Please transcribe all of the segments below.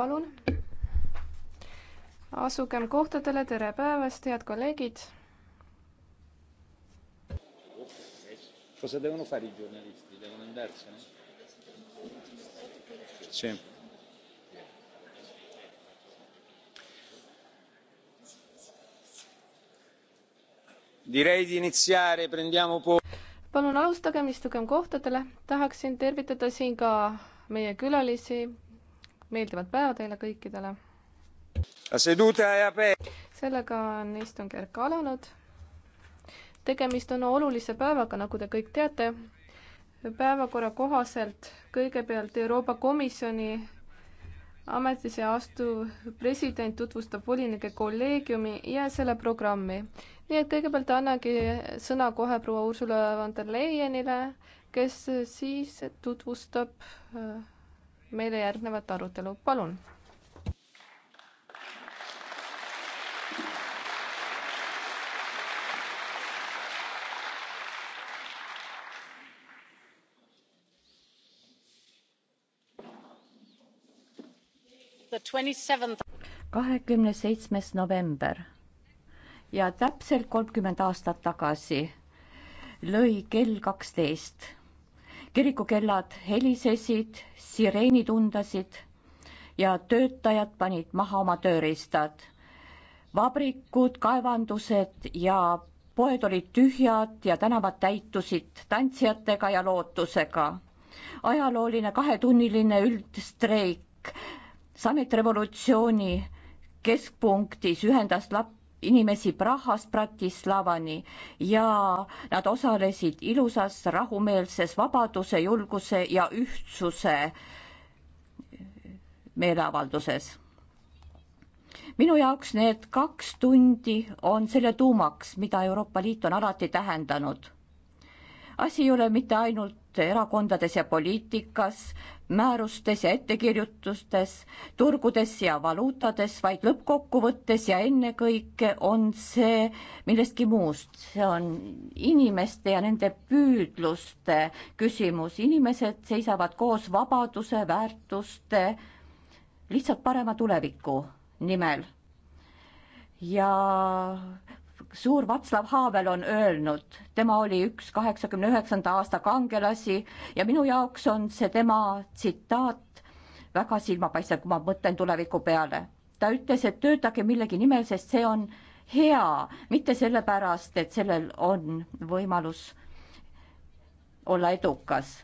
palun. asugem kohtadele, tere päevast, head kolleegid. Cosa devono fare i giornalisti? Devono andarsene? Sì. Direi di iniziare, prendiamo po- palun alustagem, istugem kohtadele. tahaksin tervitada siin ka meie külalisi, meeldivat päeva teile kõikidele. sellega on istungjärk alanud. tegemist on olulise päevaga, nagu te kõik teate. päevakorra kohaselt kõigepealt Euroopa Komisjoni ametisse astuv president tutvustab volinike kolleegiumi ja selle programmi. nii et kõigepealt annangi sõna kohe proua Ursula von der Leyenile, kes siis tutvustab äh, meile järgnevat arutelu, palun. kahekümne seitsmes november ja täpselt kolmkümmend aastat tagasi lõi kell kaksteist kirikukellad helisesid, sireenid undasid ja töötajad panid maha oma tööriistad. vabrikud, kaevandused ja poed olid tühjad ja tänavad täitusid tantsijatega ja lootusega. ajalooline kahetunniline üldstreik sametrevolutsiooni keskpunktis ühendas lap-, inimesi Prahast Bratislavani ja nad osalesid ilusas rahumeelses vabaduse, julguse ja ühtsuse meeleavalduses. minu jaoks need kaks tundi on selle tuumaks, mida Euroopa Liit on alati tähendanud asi ei ole mitte ainult erakondades ja poliitikas, määrustes ja ettekirjutustes, turgudes ja valuutades, vaid lõppkokkuvõttes ja ennekõike on see millestki muust. see on inimeste ja nende püüdluste küsimus. inimesed seisavad koos vabaduse, väärtuste, lihtsalt parema tuleviku nimel. ja suur Václav Havel on öelnud, tema oli üks kaheksakümne üheksanda aasta kangelasi ja minu jaoks on see tema tsitaat väga silmapaistev, kui ma mõtlen tuleviku peale. ta ütles, et töötage millegi nimel, sest see on hea, mitte sellepärast, et sellel on võimalus olla edukas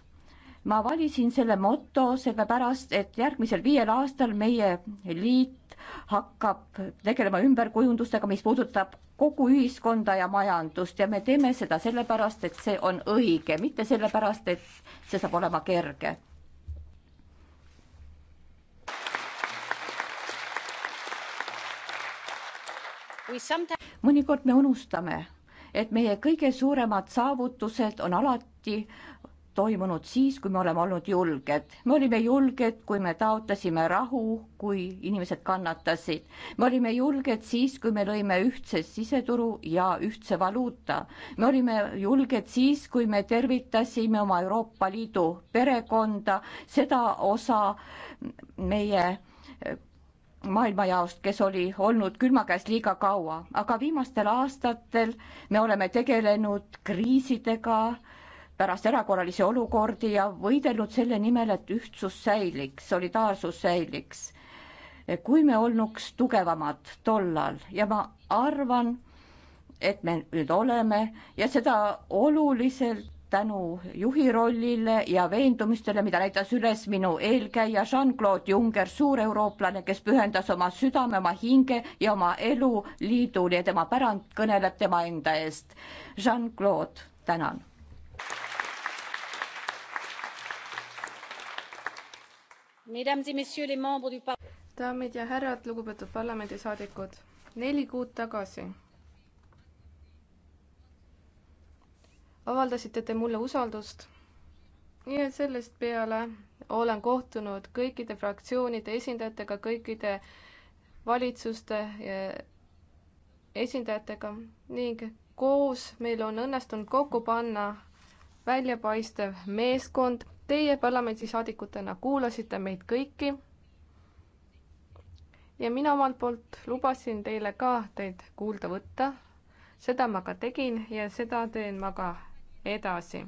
ma valisin selle moto sellepärast, et järgmisel viiel aastal meie liit hakkab tegelema ümberkujundustega, mis puudutab kogu ühiskonda ja majandust ja me teeme seda sellepärast, et see on õige, mitte sellepärast, et see saab olema kerge. mõnikord me unustame, et meie kõige suuremad saavutused on alati toimunud siis, kui me oleme olnud julged. me olime julged, kui me taotlesime rahu, kui inimesed kannatasid. me olime julged siis, kui me lõime ühtse siseturu ja ühtse valuuta. me olime julged siis, kui me tervitasime oma Euroopa Liidu perekonda, seda osa meie eh, maailmajaost, kes oli olnud külma käes liiga kaua, aga viimastel aastatel me oleme tegelenud kriisidega pärast erakorralisi olukordi ja võidelnud selle nimel, et ühtsus säiliks, solidaarsus säiliks. kui me olnuks tugevamad tollal ja ma arvan, et me nüüd oleme ja seda oluliselt tänu juhi rollile ja veendumustele, mida näitas üles minu eelkäija Jean-Claude Juncker, suur eurooplane, kes pühendas oma südame, oma hinge ja oma elu liidule ja tema pärand kõneleb tema enda eest. Jean-Claude, tänan daamid ja härrad, lugupeetud parlamendisaadikud, neli kuud tagasi avaldasite te mulle usaldust ja sellest peale olen kohtunud kõikide fraktsioonide esindajatega, kõikide valitsuste e, esindajatega ning koos meil on õnnestunud kokku panna väljapaistev meeskond Teie parlamendisaadikutena kuulasite meid kõiki ja mina omalt poolt lubasin teile ka teid kuulda võtta. seda ma ka tegin ja seda teen ma ka edasi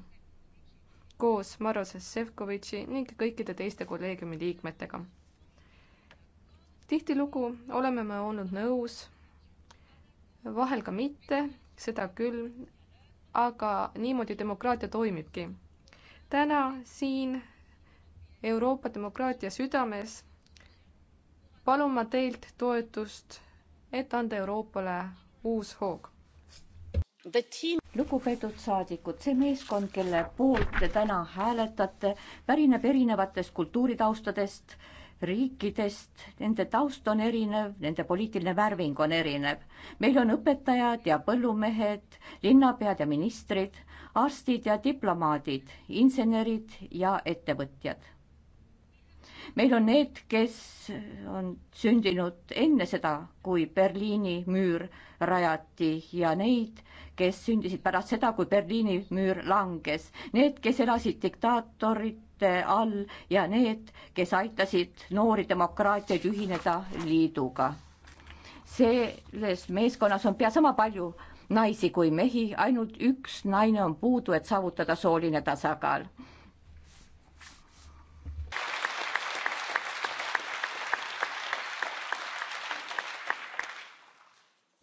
koos Marose Sefkovitši ning kõikide teiste kolleegiumi liikmetega. tihtilugu oleme me olnud nõus, vahel ka mitte, seda küll, aga niimoodi demokraatia toimibki täna siin Euroopa demokraatia südames palun ma teilt toetust, et anda Euroopale uus hoog. lugupeetud saadikud, see meeskond, kelle poolt te täna hääletate, pärineb erinevatest kultuuritaustadest riikidest, nende taust on erinev, nende poliitiline värving on erinev. meil on õpetajad ja põllumehed, linnapead ja ministrid, arstid ja diplomaadid, insenerid ja ettevõtjad meil on need, kes on sündinud enne seda, kui Berliini müür rajati ja neid, kes sündisid pärast seda, kui Berliini müür langes. Need, kes elasid diktaatorite all ja need, kes aitasid noori demokraatiaid ühineda liiduga. selles meeskonnas on pea sama palju naisi kui mehi, ainult üks naine on puudu, et saavutada sooline tasakaal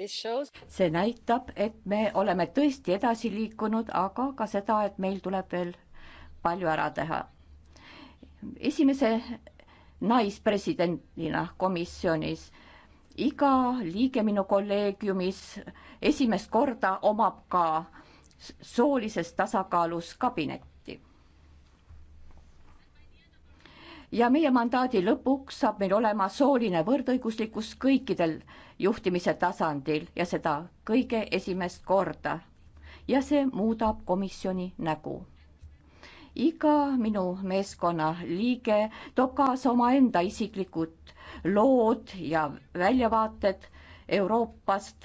see näitab, et me oleme tõesti edasi liikunud, aga ka seda, et meil tuleb veel palju ära teha. esimese naispresidendina komisjonis iga liige minu kolleegiumis esimest korda omab ka soolises tasakaalus kabinet. ja meie mandaadi lõpuks saab meil olema sooline võrdõiguslikkus kõikidel juhtimise tasandil ja seda kõige esimest korda. ja see muudab komisjoni nägu. iga minu meeskonna liige toob kaasa omaenda isiklikud lood ja väljavaated Euroopast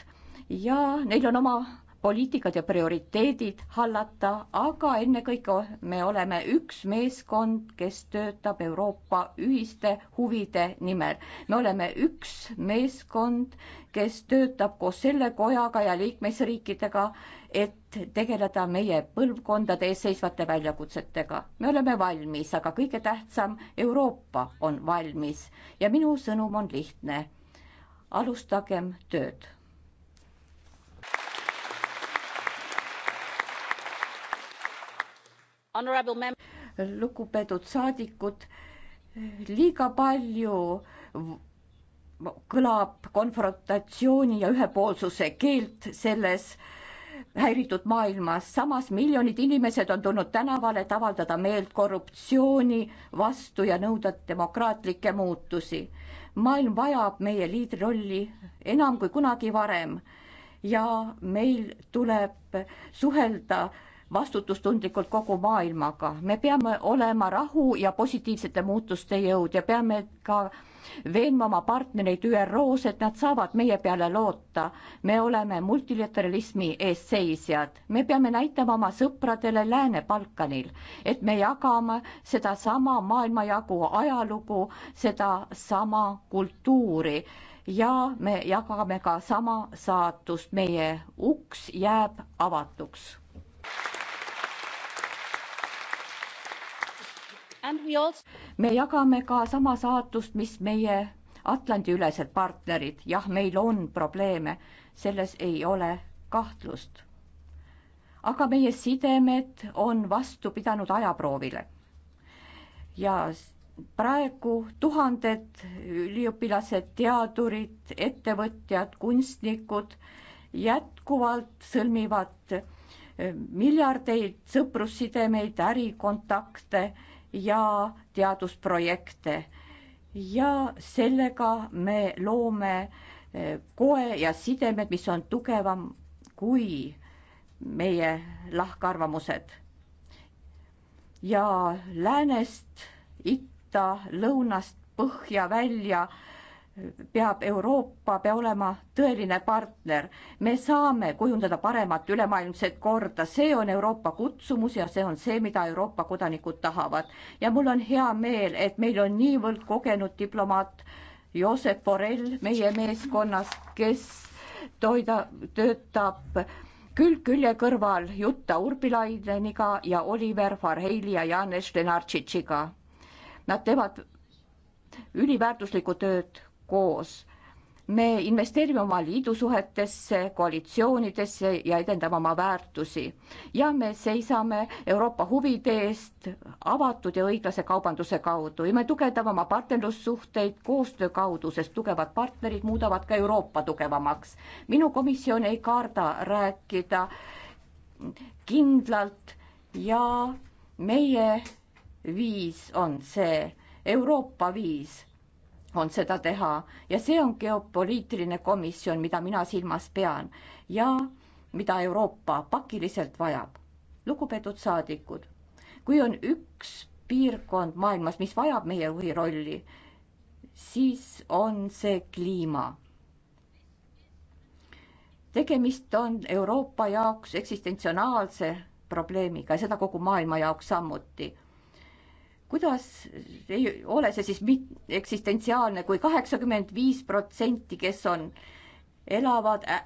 ja neil on oma poliitikad ja prioriteedid hallata, aga ennekõike me oleme üks meeskond, kes töötab Euroopa ühiste huvide nimel. me oleme üks meeskond, kes töötab koos selle kojaga ja liikmesriikidega, et tegeleda meie põlvkondade ees seisvate väljakutsetega. me oleme valmis, aga kõige tähtsam, Euroopa on valmis ja minu sõnum on lihtne. alustagem tööd lugupeetud saadikud, liiga palju kõlab konfrontatsiooni ja ühepoolsuse keelt selles häiritud maailmas, samas miljonid inimesed on tulnud tänavale, et avaldada meelt korruptsiooni vastu ja nõuda demokraatlikke muutusi. maailm vajab meie liidrirolli enam kui kunagi varem ja meil tuleb suhelda vastutustundlikult kogu maailmaga. me peame olema rahu ja positiivsete muutuste jõud ja peame ka veenma oma partnereid ÜRO-s, et nad saavad meie peale loota. me oleme multilateralismi eestseisjad, me peame näitama oma sõpradele Lääne-Balkanil, et me jagame sedasama maailmajagu ajalugu, sedasama kultuuri ja me jagame ka sama saatust, meie uks jääb avatuks me jagame ka sama saatust, mis meie Atlandi-ülesed partnerid. jah, meil on probleeme, selles ei ole kahtlust. aga meie sidemed on vastu pidanud ajaproovile. ja praegu tuhanded üliõpilased, teadurid, ettevõtjad, kunstnikud jätkuvalt sõlmivad miljardeid sõprussidemeid, ärikontakte ja teadusprojekte. ja sellega me loome eh, koe ja sidemed, mis on tugevam kui meie lahkarvamused. ja läänest, itta, lõunast, põhja, välja peab Euroopa, peab olema tõeline partner. me saame kujundada paremat ülemaailmset korda, see on Euroopa kutsumus ja see on see, mida Euroopa kodanikud tahavad. ja mul on hea meel, et meil on niivõrd kogenud diplomaat Joosep Borrell meie meeskonnas, kes toida, töötab külg külje kõrval Jutta Urbilaideniga ja Oliver Farheili ja Janes Lenartšitšiga. Nad teevad üliväärtuslikku tööd koos. me investeerime oma liidusuhetesse, koalitsioonidesse ja edendame oma väärtusi ja me seisame Euroopa huvide eest avatud ja õiglase kaubanduse kaudu ja me tugevdame oma partnerlussuhteid koostöö kaudu, sest tugevad partnerid muudavad ka Euroopa tugevamaks. minu komisjon ei karda rääkida kindlalt ja meie viis on see Euroopa viis on seda teha ja see on geopoliitiline komisjon, mida mina silmas pean ja mida Euroopa pakiliselt vajab. lugupeetud saadikud, kui on üks piirkond maailmas, mis vajab meie juhi rolli, siis on see kliima. tegemist on Euroopa jaoks eksistentsionaalse probleemiga ja seda kogu maailma jaoks samuti kuidas ei ole see siis mit-, eksistentsiaalne kui, kui kaheksakümmend viis protsenti, kes on, elavad äh,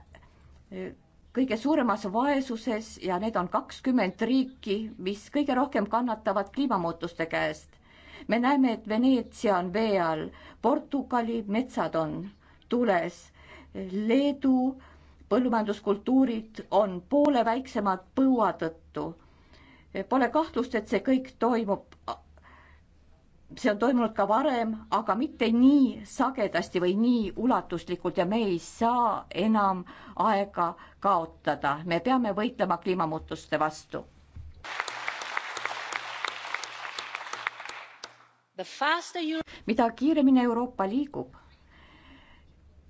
kõige suuremas vaesuses ja need on kakskümmend riiki, mis kõige rohkem kannatavad kliimamuutuste käest. me näeme, et Veneetsia on vee all, Portugali metsad on tules, Leedu põllumajanduskultuurid on poole väiksemad põua tõttu. Pole kahtlust, et see kõik toimub see on toimunud ka varem, aga mitte nii sagedasti või nii ulatuslikult ja me ei saa enam aega kaotada, me peame võitlema kliimamuutuste vastu. mida kiiremini Euroopa liigub,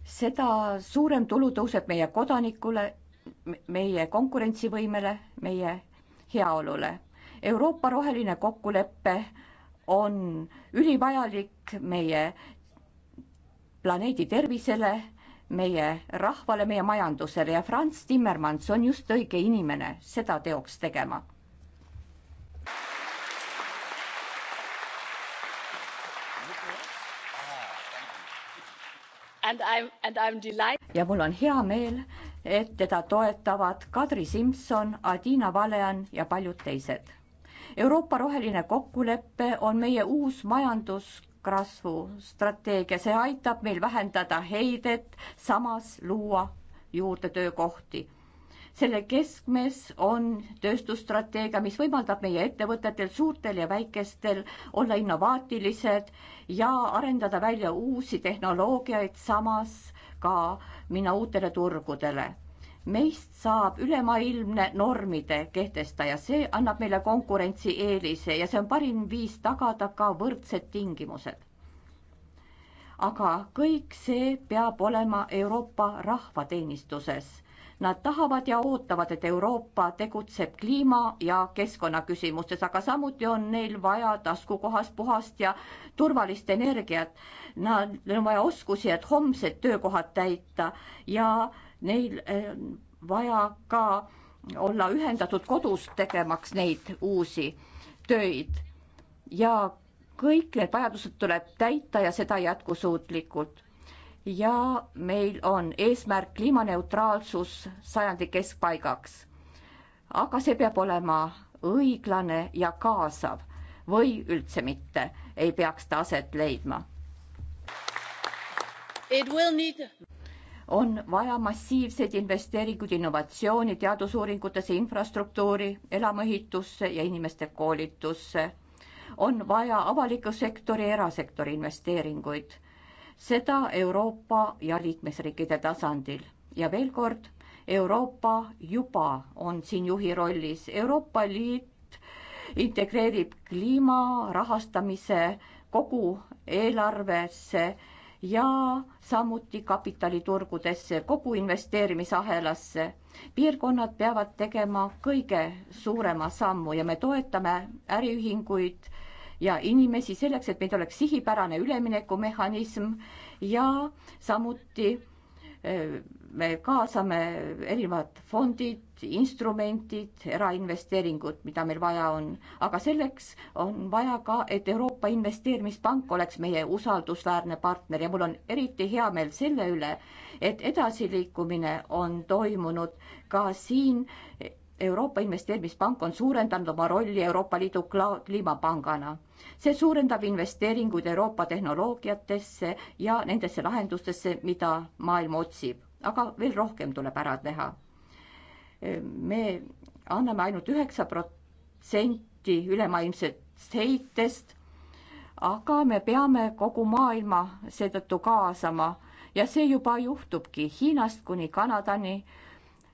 seda suurem tulu tõuseb meie kodanikule, meie konkurentsivõimele, meie heaolule. Euroopa roheline kokkulepe on ülivajalik meie planeedi tervisele, meie rahvale, meie majandusele ja Franz Timmermans on just õige inimene seda teoks tegema And I'm, and I'm ja mul on hea meel, et teda toetavad Kadri Simson, Adina Valean ja paljud teised Euroopa roheline kokkulepe on meie uus majanduskasvu strateegia, see aitab meil vähendada heidet, samas luua juurde töökohti. selle keskmes on tööstusstrateegia, mis võimaldab meie ettevõtetel, suurtel ja väikestel, olla innovaatilised ja arendada välja uusi tehnoloogiaid, samas ka minna uutele turgudele meist saab ülemaailmne normide kehtestaja, see annab meile konkurentsieelise ja see on parim viis tagada ka võrdsed tingimused. aga kõik see peab olema Euroopa rahvateenistuses. Nad tahavad ja ootavad, et Euroopa tegutseb kliima ja keskkonnaküsimustes, aga samuti on neil vaja taskukohast puhast ja turvalist energiat. Nad, neil on vaja oskusi, et homsed töökohad täita ja äh, neil eh, vaja ka olla ühendatud kodus, tegemaks neid uusi töid ja kõik need vajadused tuleb täita ja seda jätkusuutlikult. ja meil on eesmärk kliimaneutraalsus sajandi keskpaigaks. aga see peab olema õiglane ja kaasav või üldse mitte ei peaks ta aset leidma. Need on vaja massiivseid investeeringuid innovatsiooni, teadusuuringutesse, infrastruktuuri, elamuehitusse ja inimeste koolitusse. on vaja avaliku sektori ja erasektori investeeringuid, seda Euroopa ja liikmesriikide tasandil ja veel kord, Euroopa juba on siin juhi rollis, Euroopa Liit integreerib kliima rahastamise kogu eelarvesse ja samuti kapitaliturgudesse, kogu investeerimisahelasse. piirkonnad peavad tegema kõige suurema sammu ja me toetame äriühinguid ja inimesi selleks, et meil oleks sihipärane üleminekumehhanism ja samuti me kaasame erinevad fondid, instrumentid, erainvesteeringud, mida meil vaja on, aga selleks on vaja ka, et Euroopa Investeerimispank oleks meie usaldusväärne partner ja mul on eriti hea meel selle üle, et edasiliikumine on toimunud ka siin Euroopa Investeerimispank on suurendanud oma rolli Euroopa Liidu kliimapangana. see suurendab investeeringuid Euroopa tehnoloogiatesse ja nendesse lahendustesse, mida maailm otsib, aga veel rohkem tuleb ära teha. me anname ainult üheksa protsenti ülemaailmsest heitest, aga me peame kogu maailma seetõttu kaasama ja see juba juhtubki Hiinast kuni Kanadani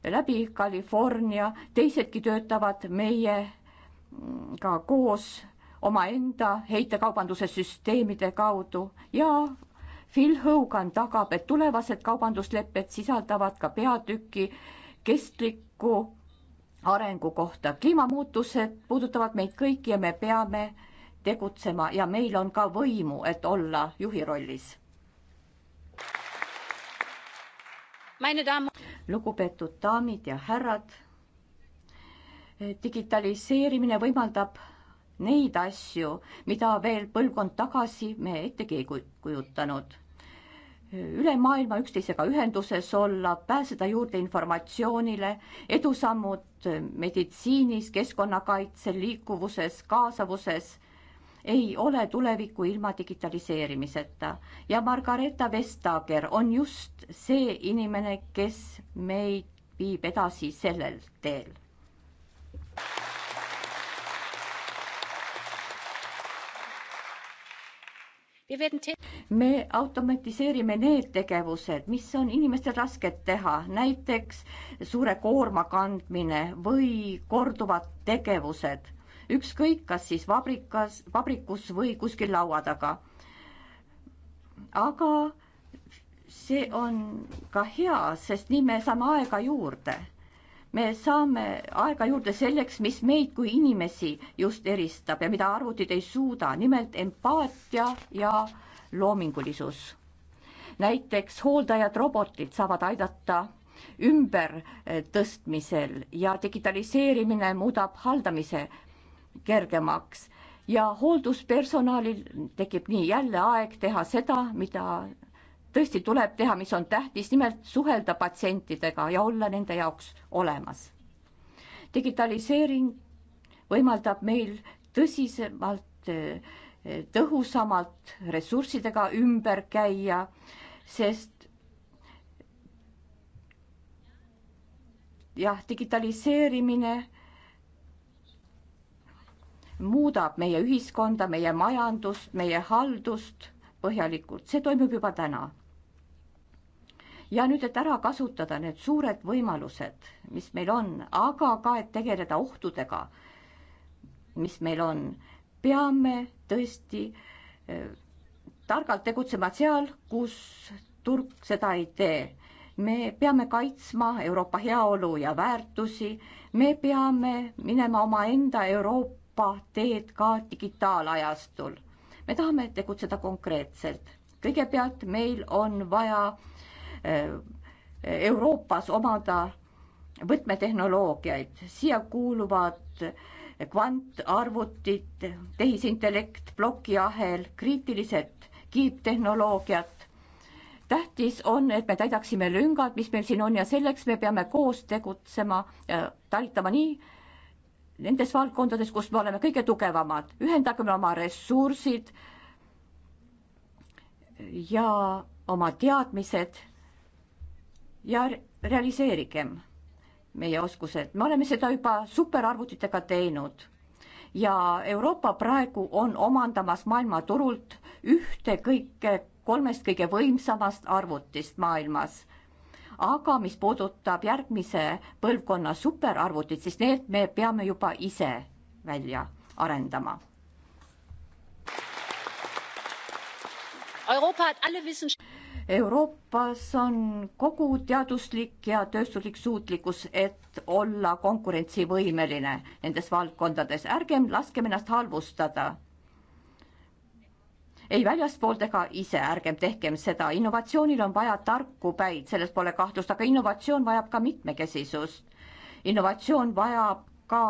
läbi California, teisedki töötavad meiega mm, koos omaenda heitekaubanduse süsteemide kaudu ja Phil Hogan tagab, et tulevased kaubanduslepped sisaldavad ka peatüki kestliku arengu kohta. kliimamuutused puudutavad meid kõiki ja me peame tegutsema ja meil on ka võimu, et olla juhi rollis. lugupeetud daamid ja härrad. digitaliseerimine võimaldab neid asju, mida veel põlvkond tagasi me ettegi ei kujutanud. üle maailma üksteisega ühenduses olla, pääseda juurde informatsioonile, edusammud meditsiinis, keskkonnakaitsel, liikuvuses, kaasavuses ei ole tulevikku ilma digitaliseerimiseta ja Margareeta Vestager on just see inimene, kes meid viib edasi sellel teel. me automatiseerime need tegevused, mis on inimestel rasked teha, näiteks suure koorma kandmine või korduvad tegevused ükskõik, kas siis vabrikas, vabrikus või kuskil laua taga. aga see on ka hea, sest nii me saame aega juurde. me saame aega juurde selleks, mis meid kui inimesi just eristab ja mida arvutid ei suuda, nimelt empaatia ja loomingulisus. näiteks hooldajad robotid saavad aidata ümbertõstmisel ja digitaliseerimine muudab haldamise kergemaks ja hoolduspersonalil tekib nii jälle aeg teha seda, mida tõesti tuleb teha, mis on tähtis, nimelt suhelda patsientidega ja olla nende jaoks olemas. digitaliseering võimaldab meil tõsisemalt, tõhusamalt ressurssidega ümber käia, sest jah, digitaliseerimine muudab meie ühiskonda, meie majandust, meie haldust põhjalikult, see toimub juba täna. ja nüüd, et ära kasutada need suured võimalused, mis meil on, aga ka, et tegeleda ohtudega, mis meil on, peame tõesti äh, targalt tegutsema seal, kus turg seda ei tee me peame kaitsma Euroopa heaolu ja väärtusi, me peame minema omaenda Euroopa vaba teed ka digitaalajastul. me tahame tegutseda konkreetselt. kõigepealt meil on vaja eh, Euroopas omada võtmetehnoloogiaid, siia kuuluvad kvantarvutid, tehisintellekt, plokiahel, kriitilised kiiptehnoloogiad. tähtis on, et me täidaksime lüngad, mis meil siin on ja selleks me peame koos tegutsema ja eh, talitama nii, nendes valdkondades, kus me oleme kõige tugevamad, ühendagem oma ressursid ja oma teadmised ja realiseerigem meie oskused, me oleme seda juba superarvutitega teinud ja Euroopa praegu on omandamas maailmaturult ühte kõike kolmest kõige võimsamast arvutist maailmas aga mis puudutab järgmise põlvkonna superarvutit, siis need me peame juba ise välja arendama. Euroopas on kogu teaduslik ja tööstuslik suutlikkus, et olla konkurentsivõimeline nendes valdkondades, ärgem laskem ennast halvustada ei väljaspoolt ega ise, ärgem tehkem seda, innovatsioonil on vaja tarku päid, selles pole kahtlust, aga innovatsioon vajab ka mitmekesisust. innovatsioon vajab ka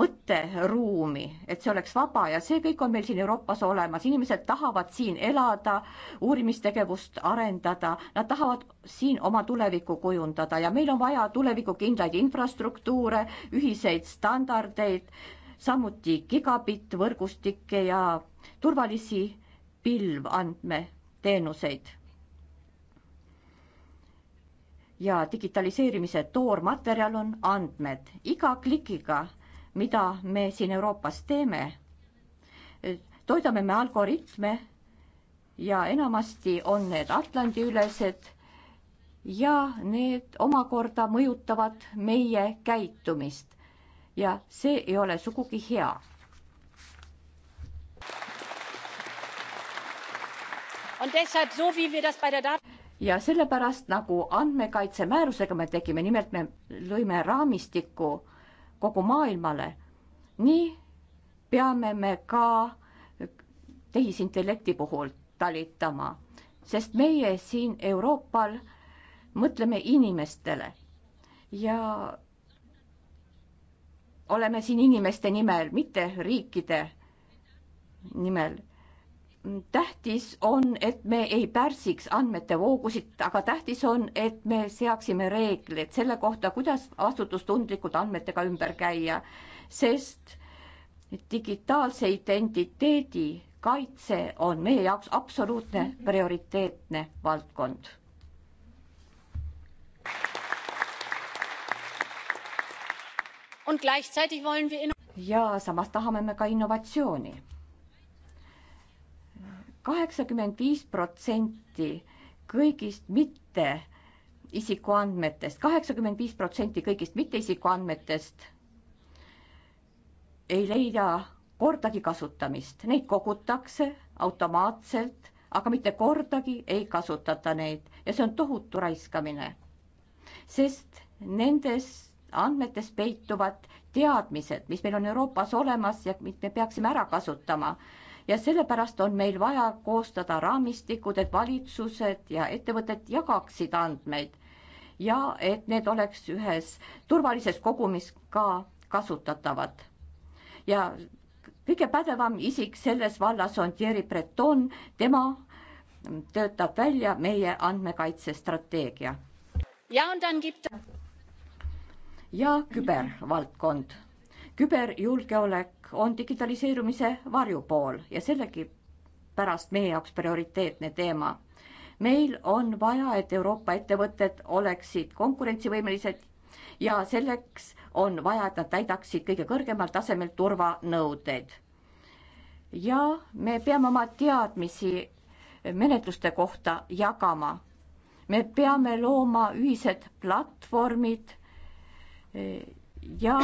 mõtteruumi, et see oleks vaba ja see kõik on meil siin Euroopas olemas, inimesed tahavad siin elada, uurimistegevust arendada, nad tahavad siin oma tulevikku kujundada ja meil on vaja tulevikukindlaid infrastruktuure, ühiseid standardeid, samuti gigabitt, võrgustikke ja turvalisi pilvandmeteenuseid. ja digitaliseerimise toormaterjal on andmed. iga klikiga, mida me siin Euroopas teeme, toidame me algoritme ja enamasti on need Atlandi-ülesed ja need omakorda mõjutavad meie käitumist. ja see ei ole sugugi hea ja sellepärast nagu andmekaitse määrusega me tegime, nimelt me lõime raamistiku kogu maailmale, nii peame me ka tehisintellekti puhul talitama, sest meie siin Euroopal mõtleme inimestele ja oleme siin inimeste nimel, mitte riikide nimel tähtis on, et me ei pärsiks andmete voogusid, aga tähtis on, et me seaksime reeglid selle kohta, kuidas vastutustundlikult andmetega ümber käia, sest digitaalse identiteedi kaitse on meie jaoks absoluutne prioriteetne valdkond ja samas tahame me ka innovatsiooni kaheksakümmend viis protsenti kõigist mitte isikuandmetest, kaheksakümmend viis protsenti kõigist mitte isikuandmetest ei leida kordagi kasutamist, neid kogutakse automaatselt, aga mitte kordagi ei kasutata neid ja see on tohutu raiskamine. sest nendes andmetes peituvad teadmised, mis meil on Euroopas olemas ja mis me peaksime ära kasutama ja sellepärast on meil vaja koostada raamistikud, et valitsused ja ettevõtted jagaksid andmeid ja et need oleks ühes turvalises kogumis ka kasutatavad. ja kõige pädevam isik selles vallas on Thierry Breton, tema töötab välja meie andmekaitsestrateegia. ja kübervaldkond küberjulgeolek on digitaliseerumise varjupool ja sellegipärast meie jaoks prioriteetne teema. meil on vaja, et Euroopa ettevõtted oleksid konkurentsivõimelised ja selleks on vaja, et nad täidaksid kõige kõrgemal tasemel turvanõudeid. ja me peame oma teadmisi menetluste kohta jagama. me peame looma ühised platvormid ja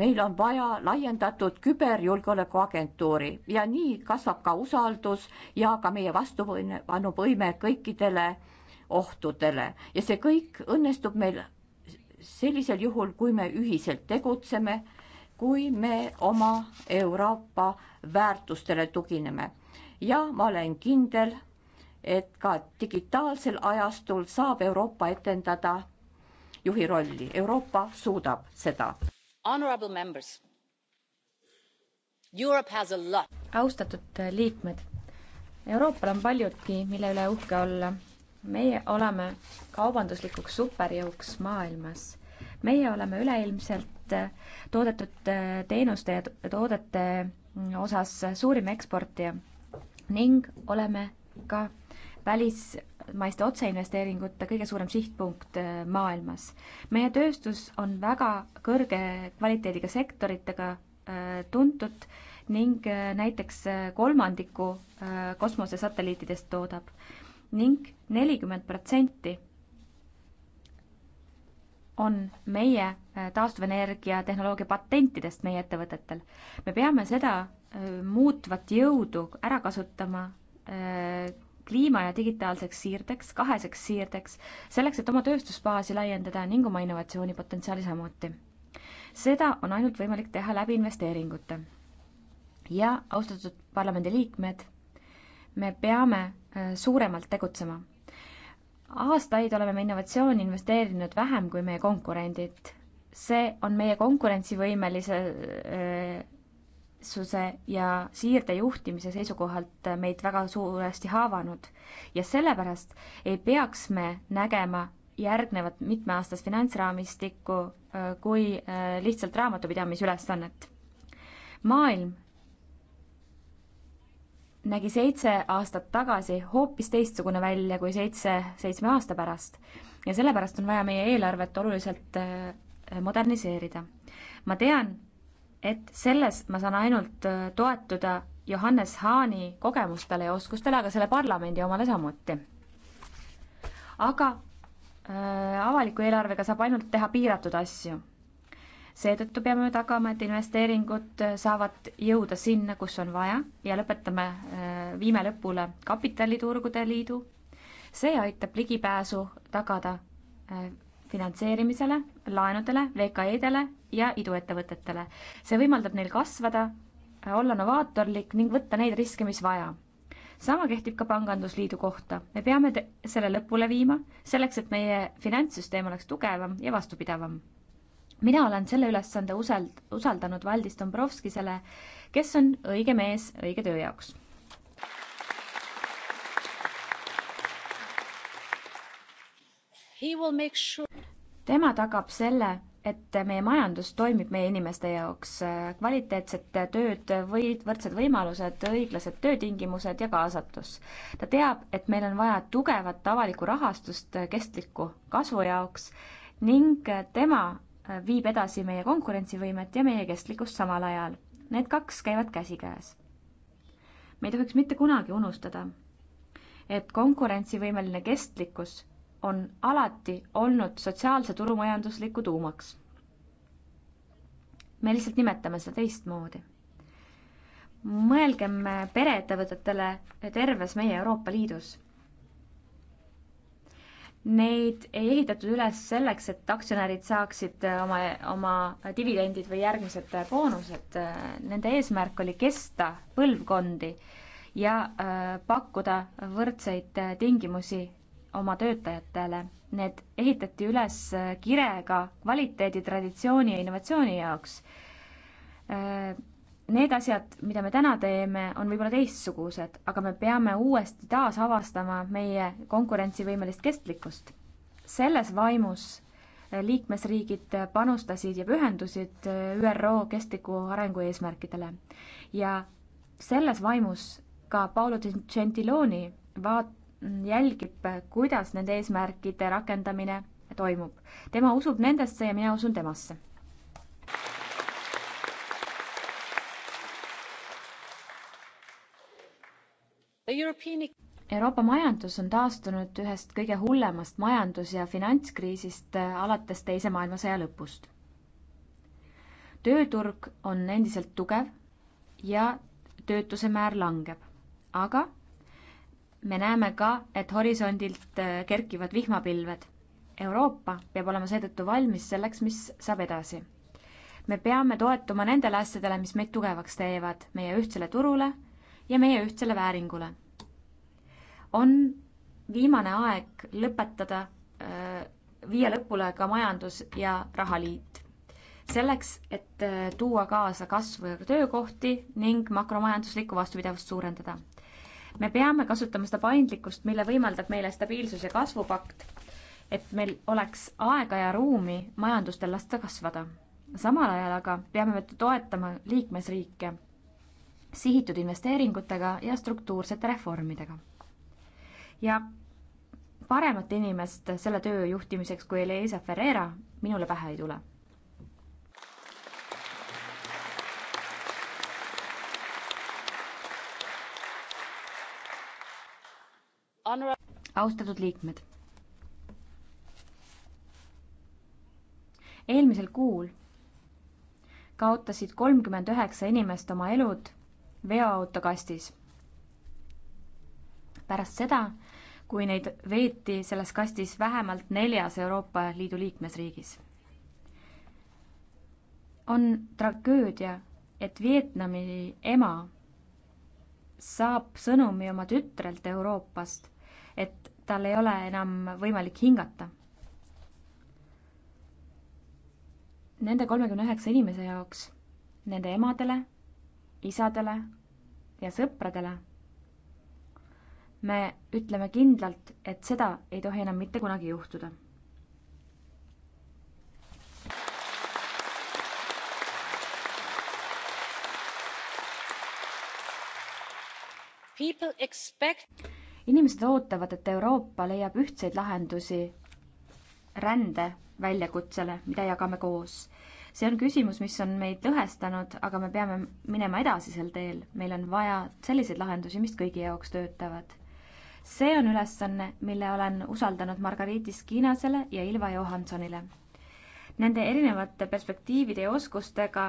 meil on vaja laiendatud küberjulgeolekuagentuuri ja nii kasvab ka usaldus ja ka meie vastupanuvõime kõikidele ohtudele ja see kõik õnnestub meil sellisel juhul, kui me ühiselt tegutseme, kui me oma Euroopa väärtustele tugineme. ja ma olen kindel, et ka digitaalsel ajastul saab Euroopa etendada juhi rolli. Euroopa suudab seda. austatud liikmed, Euroopal on paljutki, mille üle uhke olla. meie oleme kaubanduslikuks superjõuks maailmas. meie oleme üleilmselt toodetud teenuste ja toodete osas suurim eksportija ning oleme ka välis välismaiste otseinvesteeringute kõige suurem sihtpunkt äh, maailmas. meie tööstus on väga kõrge kvaliteediga sektoritega äh, tuntud ning äh, näiteks kolmandiku kosmosesatelliitidest toodab ning nelikümmend protsenti on meie taastuvenergia tehnoloogia patentidest meie ettevõtetel. me peame seda muutvat jõudu ära kasutama kliima ja digitaalseks siirdeks, kaheseks siirdeks, selleks, et oma tööstusbaasi laiendada ning oma innovatsioonipotentsiaali samuti. seda on ainult võimalik teha läbi investeeringute. ja austatud parlamendiliikmed, me peame äh, suuremalt tegutsema. aastaid oleme me innovatsiooni investeerinud vähem kui meie konkurendid. see on meie konkurentsivõimelise äh, likviidsuse ja siirde juhtimise seisukohalt meid väga suuresti haavanud ja sellepärast ei peaks me nägema järgnevat mitmeaastast finantsraamistikku äh, kui äh, lihtsalt raamatupidamisülesannet. maailm nägi seitse aastat tagasi hoopis teistsugune välja kui seitse, seitsme aasta pärast ja sellepärast on vaja meie eelarvet oluliselt äh, moderniseerida. ma tean, et selles ma saan ainult äh, toetuda Johannes Haani kogemustele ja oskustele, aga selle parlamendi omale samuti. aga äh, avaliku eelarvega saab ainult teha piiratud asju. seetõttu peame tagama, et investeeringud äh, saavad jõuda sinna, kus on vaja ja lõpetame äh,, viime lõpule kapitaliturgude liidu. see aitab ligipääsu tagada äh, finantseerimisele, laenudele, VKE-dele ja iduettevõtetele. see võimaldab neil kasvada, äh, olla novaatorlik ning võtta neid riske, mis vaja. sama kehtib ka Pangandusliidu kohta. me peame selle lõpule viima, selleks et meie finantssüsteem oleks tugevam ja vastupidavam. mina olen selle ülesande usald-, usaldanud Valdis Dombrovskisele, kes on õige mees õige töö jaoks. Sure... tema tagab selle, et meie majandus toimib meie inimeste jaoks, kvaliteetset tööd või võrdsed võimalused, õiglased töötingimused ja kaasatus. ta teab, et meil on vaja tugevat avalikku rahastust kestliku kasvu jaoks ning tema viib edasi meie konkurentsivõimet ja meie kestlikkust samal ajal. Need kaks käivad käsikäes. me ei tohiks mitte kunagi unustada, et konkurentsivõimeline kestlikkus on alati olnud sotsiaalse turumajandusliku tuumaks. me lihtsalt nimetame seda teistmoodi. mõelgem pereettevõtetele terves meie Euroopa Liidus. Neid ei ehitatud üles selleks, et aktsionärid saaksid oma, oma dividendid või järgmised boonused. Nende eesmärk oli kesta põlvkondi ja äh, pakkuda võrdseid äh, tingimusi oma töötajatele. Need ehitati üles äh, kirega kvaliteedi, traditsiooni ja innovatsiooni jaoks. Äh, need asjad, mida me täna teeme, on võib-olla teistsugused, aga me peame uuesti taasavastama meie konkurentsivõimelist kestlikkust. selles vaimus äh, liikmesriigid panustasid ja pühendusid ÜRO kestliku arengu eesmärkidele. ja selles vaimus ka Paolo Gentiloni vaat-, jälgib, kuidas nende eesmärkide rakendamine toimub. tema usub nendesse ja mina usun temasse. E- Euroopa majandus on taastunud ühest kõige hullemast majandus- ja finantskriisist äh, alates Teise maailmasõja lõpust. tööturg on endiselt tugev ja töötuse määr langeb, aga me näeme ka, et horisondilt äh, kerkivad vihmapilved. Euroopa peab olema seetõttu valmis selleks, mis saab edasi. me peame toetuma nendele asjadele, mis meid tugevaks teevad, meie ühtsele turule ja meie ühtsele vääringule. on viimane aeg lõpetada, äh, viia lõpule ka majandus- ja rahaliit selleks, et äh, tuua kaasa kasvu ja töökohti ning makromajanduslikku vastupidavust suurendada me peame kasutama seda paindlikkust, mille võimaldab meile stabiilsus- ja kasvupakt, et meil oleks aega ja ruumi majandustel lasta kasvada. samal ajal aga peame me toetama liikmesriike sihitud investeeringutega ja struktuursete reformidega. ja paremat inimest selle töö juhtimiseks kui Elisa Ferreira minule pähe ei tule austatud liikmed. eelmisel kuul kaotasid kolmkümmend üheksa inimest oma elud veoautokastis. pärast seda, kui neid veeti selles kastis vähemalt neljas Euroopa Liidu liikmesriigis. on tragöödia, et Vietnami ema saab sõnumi oma tütrelt Euroopast, et tal ei ole enam võimalik hingata. Nende kolmekümne üheksa inimese jaoks, nende emadele, isadele ja sõpradele me ütleme kindlalt, et seda ei tohi enam mitte kunagi juhtuda Expect inimesed ootavad, et Euroopa leiab ühtseid lahendusi rände väljakutsele, mida jagame koos. see on küsimus, mis on meid lõhestanud, aga me peame minema edasi sel teel. meil on vaja selliseid lahendusi, mis kõigi jaoks töötavad. see on ülesanne, mille olen usaldanud Margaritis Kiinasele ja Ilva Johansonile. Nende erinevate perspektiivide ja oskustega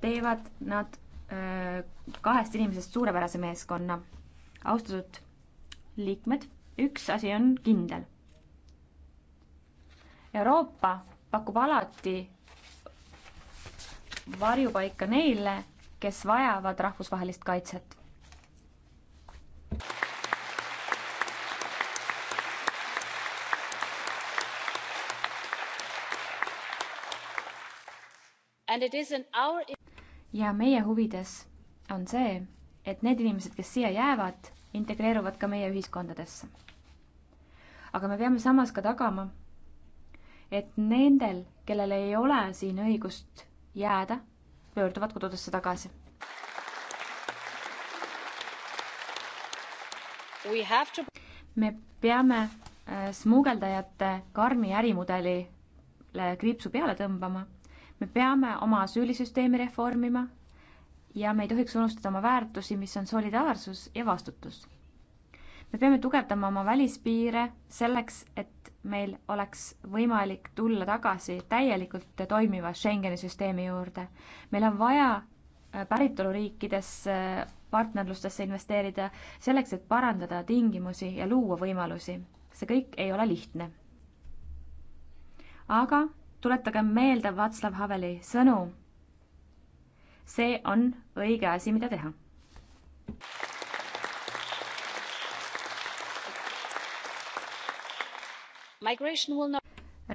teevad nad öö, kahest inimesest suurepärase meeskonna. austatud liikmed, üks asi on kindel. Euroopa pakub alati varjupaika neile, kes vajavad rahvusvahelist kaitset ja meie huvides on see, et need inimesed, kes siia jäävad, integreeruvad ka meie ühiskondadesse. aga me peame samas ka tagama, et nendel, kellel ei ole siin õigust jääda, pöörduvad kodudesse tagasi. To... me peame äh, smugeldajate karmi ärimudelile kriipsu peale tõmbama. me peame oma asüülisüsteemi reformima ja me ei tohiks unustada oma väärtusi, mis on solidaarsus ja vastutus. me peame tugevdama oma välispiire selleks, et meil oleks võimalik tulla tagasi täielikult toimiva Schengeni süsteemi juurde. meil on vaja äh, päritoluriikides partnerlustesse investeerida selleks, et parandada tingimusi ja luua võimalusi. see kõik ei ole lihtne. aga tuletagem meelde Václav Haveli sõnu see on õige asi, mida teha.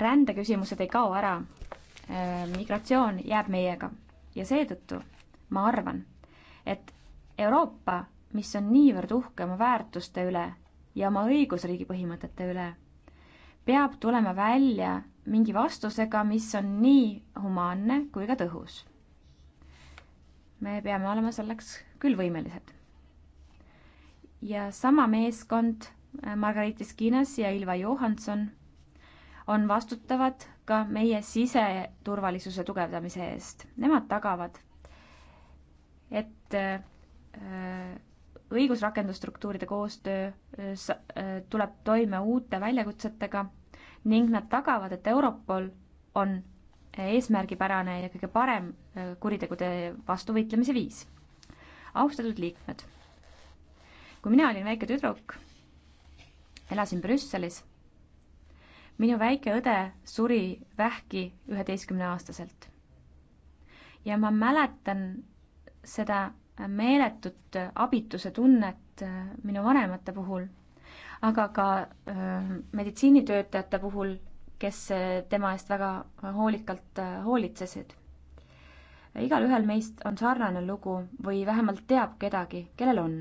rändeküsimused ei kao ära. Äh, migratsioon jääb meiega ja seetõttu ma arvan, et Euroopa, mis on niivõrd uhke oma väärtuste üle ja oma õigusriigi põhimõtete üle, peab tulema välja mingi vastusega, mis on nii humaanne kui ka tõhus me peame olema selleks küll võimelised. ja sama meeskond, äh, Margarita Skinas ja Ilva Johanson, on vastutavad ka meie siseturvalisuse tugevdamise eest. Nemad tagavad, et äh, õigusrakendusstruktuuride koostöö äh, tuleb toime uute väljakutsetega ning nad tagavad, et Europol on eesmärgipärane ja kõige parem äh, kuritegude vastu võitlemise viis. austatud liikmed, kui mina olin väike tüdruk, elasin Brüsselis, minu väike õde suri vähki üheteistkümneaastaselt. ja ma mäletan seda meeletut abituse tunnet äh, minu vanemate puhul, aga ka öö, äh, meditsiinitöötajate puhul kes eh, tema eest väga hoolikalt eh, hoolitsesid. igalühel meist on sarnane lugu või vähemalt teab kedagi, kellel on.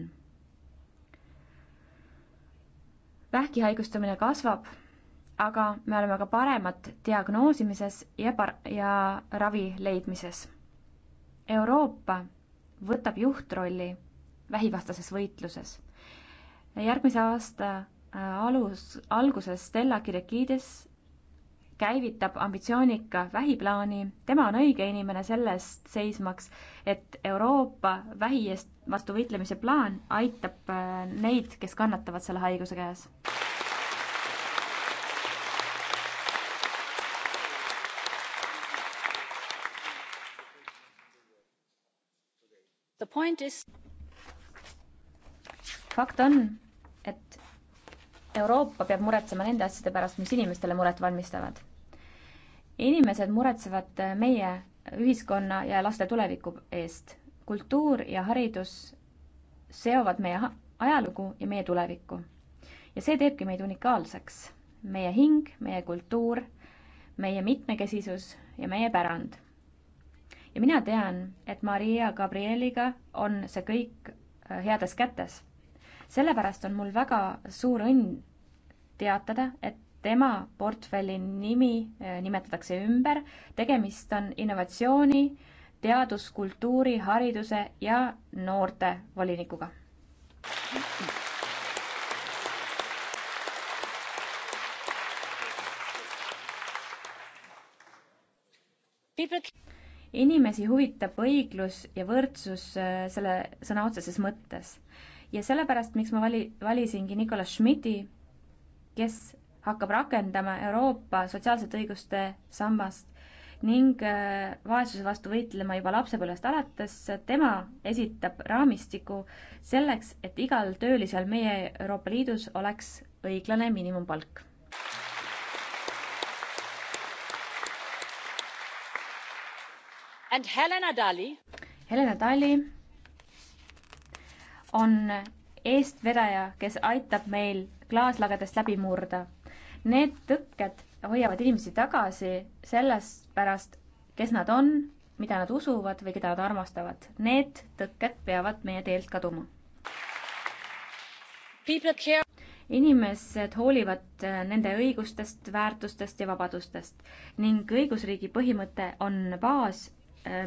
vähki haigestumine kasvab, aga me oleme ka paremad diagnoosimises ja par-, ja ravi leidmises. Euroopa võtab juhtrolli vähivastases võitluses. järgmise aasta eh, alus, alguses Stella Kirikides käivitab ambitsioonika vähiplaani, tema on õige inimene sellest seismaks, et Euroopa vähi eest vastu võitlemise plaan aitab äh, neid, kes kannatavad selle haiguse käes. Is... fakt on, et Euroopa peab muretsema nende asjade pärast, mis inimestele muret valmistavad inimesed muretsevad meie ühiskonna ja laste tuleviku eest. kultuur ja haridus seovad meie ajalugu ja meie tulevikku. ja see teebki meid unikaalseks. meie hing, meie kultuur, meie mitmekesisus ja meie pärand. ja mina tean, et Maria Gabrieliga on see kõik äh, heades kätes. sellepärast on mul väga suur õnn teatada, et tema portfelli nimi eh, nimetatakse ümber. tegemist on innovatsiooni, teadus, kultuuri, hariduse ja noorte volinikuga. inimesi huvitab õiglus ja võrdsus eh, selle sõna otseses mõttes ja sellepärast, miks ma vali, valisingi Nicolas Schmidti, kes hakkab rakendama Euroopa sotsiaalsete õiguste sammast ning äh, vaesuse vastu võitlema juba lapsepõlvest alates, tema esitab raamistiku selleks, et igal töölisel meie Euroopa Liidus oleks õiglane miinimumpalk. And Helena Dali. Helena Dali on eestvedaja, kes aitab meil klaaslagedest läbi murda Need tõkked hoiavad inimesi tagasi sellest pärast, kes nad on, mida nad usuvad või keda nad armastavad. Need tõkked peavad meie teelt kaduma. inimesed hoolivad nende õigustest, väärtustest ja vabadustest ning õigusriigi põhimõte on baas,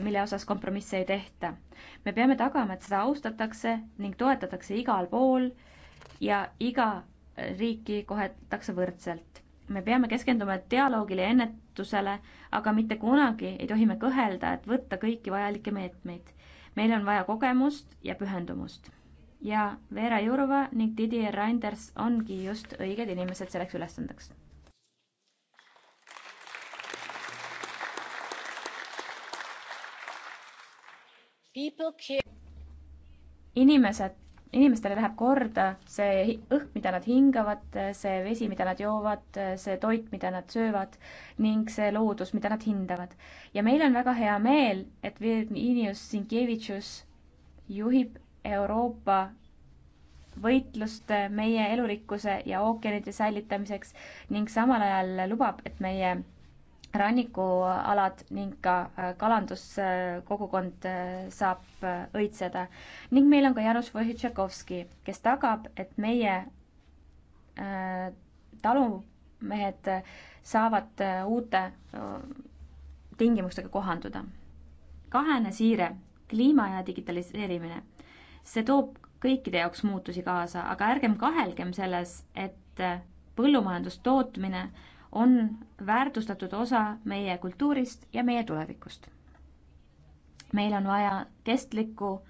mille osas kompromisse ei tehta. me peame tagama, et seda austatakse ning toetatakse igal pool ja iga riiki kohetakse võrdselt. me peame keskenduma dialoogile ja ennetusele, aga mitte kunagi ei tohi me kõhelda, et võtta kõiki vajalikke meetmeid. meil on vaja kogemust ja pühendumust. ja Vera Jurova ning Didier Reinders ongi just õiged inimesed selleks ülesandeks. inimesed inimestele läheb korda see õhk, mida nad hingavad, see vesi, mida nad joovad, see toit, mida nad söövad ning see loodus, mida nad hindavad. ja meil on väga hea meel, et Virginius Sinkevitšus juhib Euroopa võitlust meie elurikkuse ja ookeanide säilitamiseks ning samal ajal lubab, et meie rannikualad ning ka äh, kalanduskogukond äh, saab äh, õitseda. ning meil on ka Janusz Wojtšakovski, kes tagab, et meie talumehed saavad uute tingimustega kohanduda. kahene siire, kliima ja digitaliseerimine, see toob kõikide jaoks muutusi kaasa, aga ärgem kahelgem selles, et põllumajandustootmine on väärtustatud osa meie kultuurist ja meie tulevikust. meil on vaja kestlikku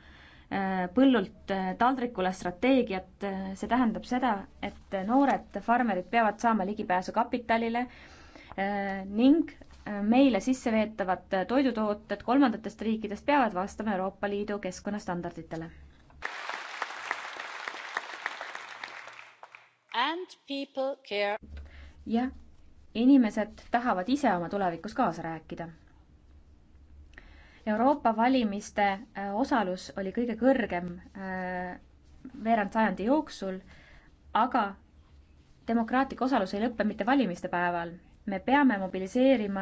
äh, põllult äh, taldrikule strateegiat, äh, see tähendab seda, et noored farmerid peavad saama ligipääsu kapitalile ning meile sisse veetavad toidutooted kolmandatest riikidest peavad vastama Euroopa Liidu keskkonnastandarditele. ja inimesed tahavad ise oma tulevikus kaasa rääkida. Euroopa valimiste äh, osalus oli kõige kõrgem äh, veerand sajandi jooksul, aga demokraatlik osalus ei lõppe mitte valimiste päeval. me peame mobiliseerima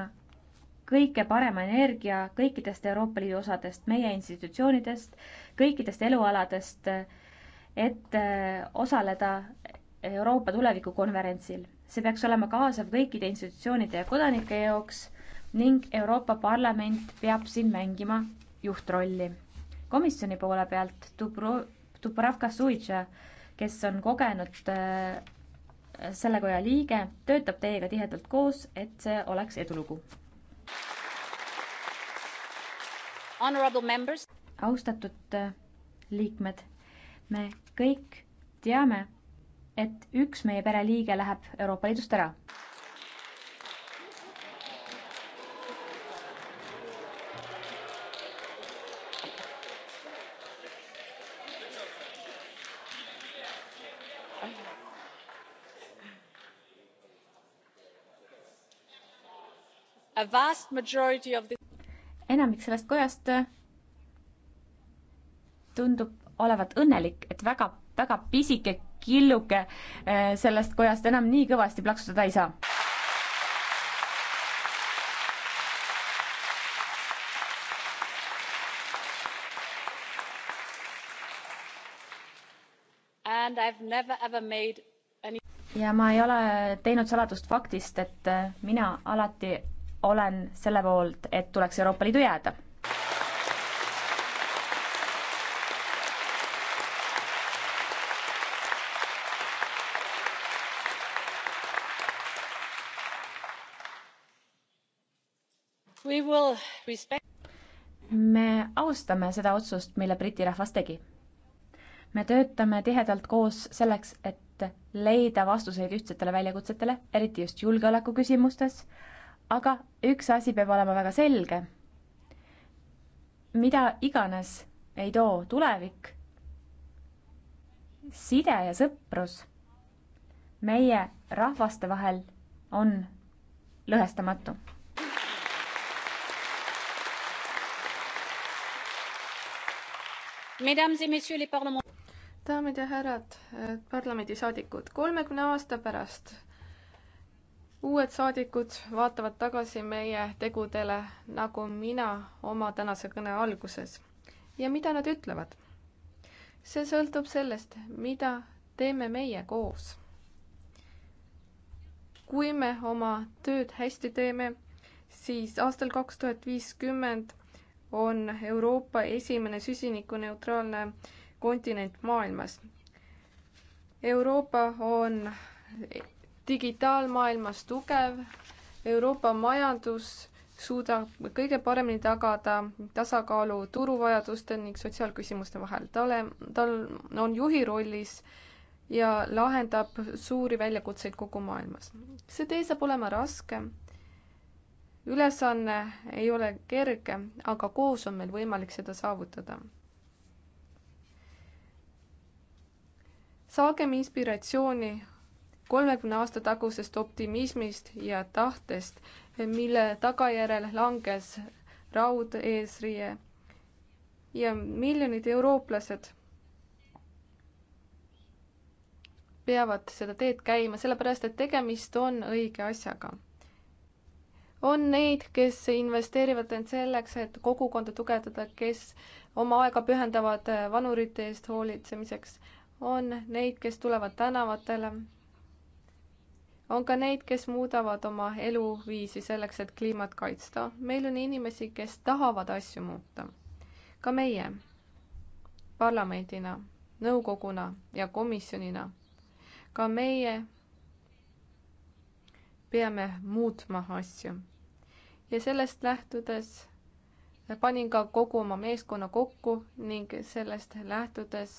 kõike parema energia kõikidest Euroopa Liidu osadest, meie institutsioonidest, kõikidest elualadest, et äh, osaleda Euroopa tulevikukonverentsil see peaks olema kaasav kõikide institutsioonide ja kodanike jaoks ning Euroopa Parlament peab siin mängima juhtrolli. komisjoni poole pealt Dubro-, Dubravka Suitša, kes on kogenud äh, selle koja liige, töötab teiega tihedalt koos, et see oleks edulugu. austatud äh, liikmed, me kõik teame, et üks meie pereliige läheb Euroopa Liidust ära. enamik sellest kojast äh, tundub olevat õnnelik, et väga, väga pisike killuke eh, sellest kojast enam nii kõvasti plaksutada ei saa. Any... ja ma ei ole teinud saladust faktist, et eh, mina alati olen selle poolt, et tuleks Euroopa Liidu jääda me austame seda otsust, mille Briti rahvas tegi. me töötame tihedalt koos selleks, et leida vastuseid ühtsetele väljakutsetele, eriti just julgeoleku küsimustes, aga üks asi peab olema väga selge. mida iganes ei too tulevik, side ja sõprus meie rahvaste vahel on lõhestamatu daamid ja härrad, eh, parlamendisaadikud, kolmekümne aasta pärast uued saadikud vaatavad tagasi meie tegudele, nagu mina oma tänase kõne alguses. ja mida nad ütlevad? see sõltub sellest, mida teeme meie koos. kui me oma tööd hästi teeme, siis aastal kaks tuhat viiskümmend on Euroopa esimene süsinikuneutraalne kontinent maailmas. Euroopa on digitaalmaailmas tugev, Euroopa majandus suudab kõige paremini tagada tasakaalu turuvajaduste ning sotsiaalküsimuste vahel. ta ole, tal on juhi rollis ja lahendab suuri väljakutseid kogu maailmas. see tee saab olema raske ülesanne ei ole kerge, aga koos on meil võimalik seda saavutada. saagem inspiratsiooni kolmekümne aasta tagusest optimismist ja tahtest, mille tagajärel langes raud eesriie ja miljonid eurooplased peavad seda teed käima, sellepärast et tegemist on õige asjaga on neid, kes investeerivad end selleks, et kogukonda tugevdada, kes oma aega pühendavad äh, vanurite eest hoolitsemiseks. on neid, kes tulevad tänavatele. on ka neid, kes muudavad oma eluviisi selleks, et kliimat kaitsta. meil on inimesi, kes tahavad asju muuta. ka meie parlamendina, nõukoguna ja komisjonina. ka meie peame muutma asju. ja sellest lähtudes panin ka kogu oma meeskonna kokku ning sellest lähtudes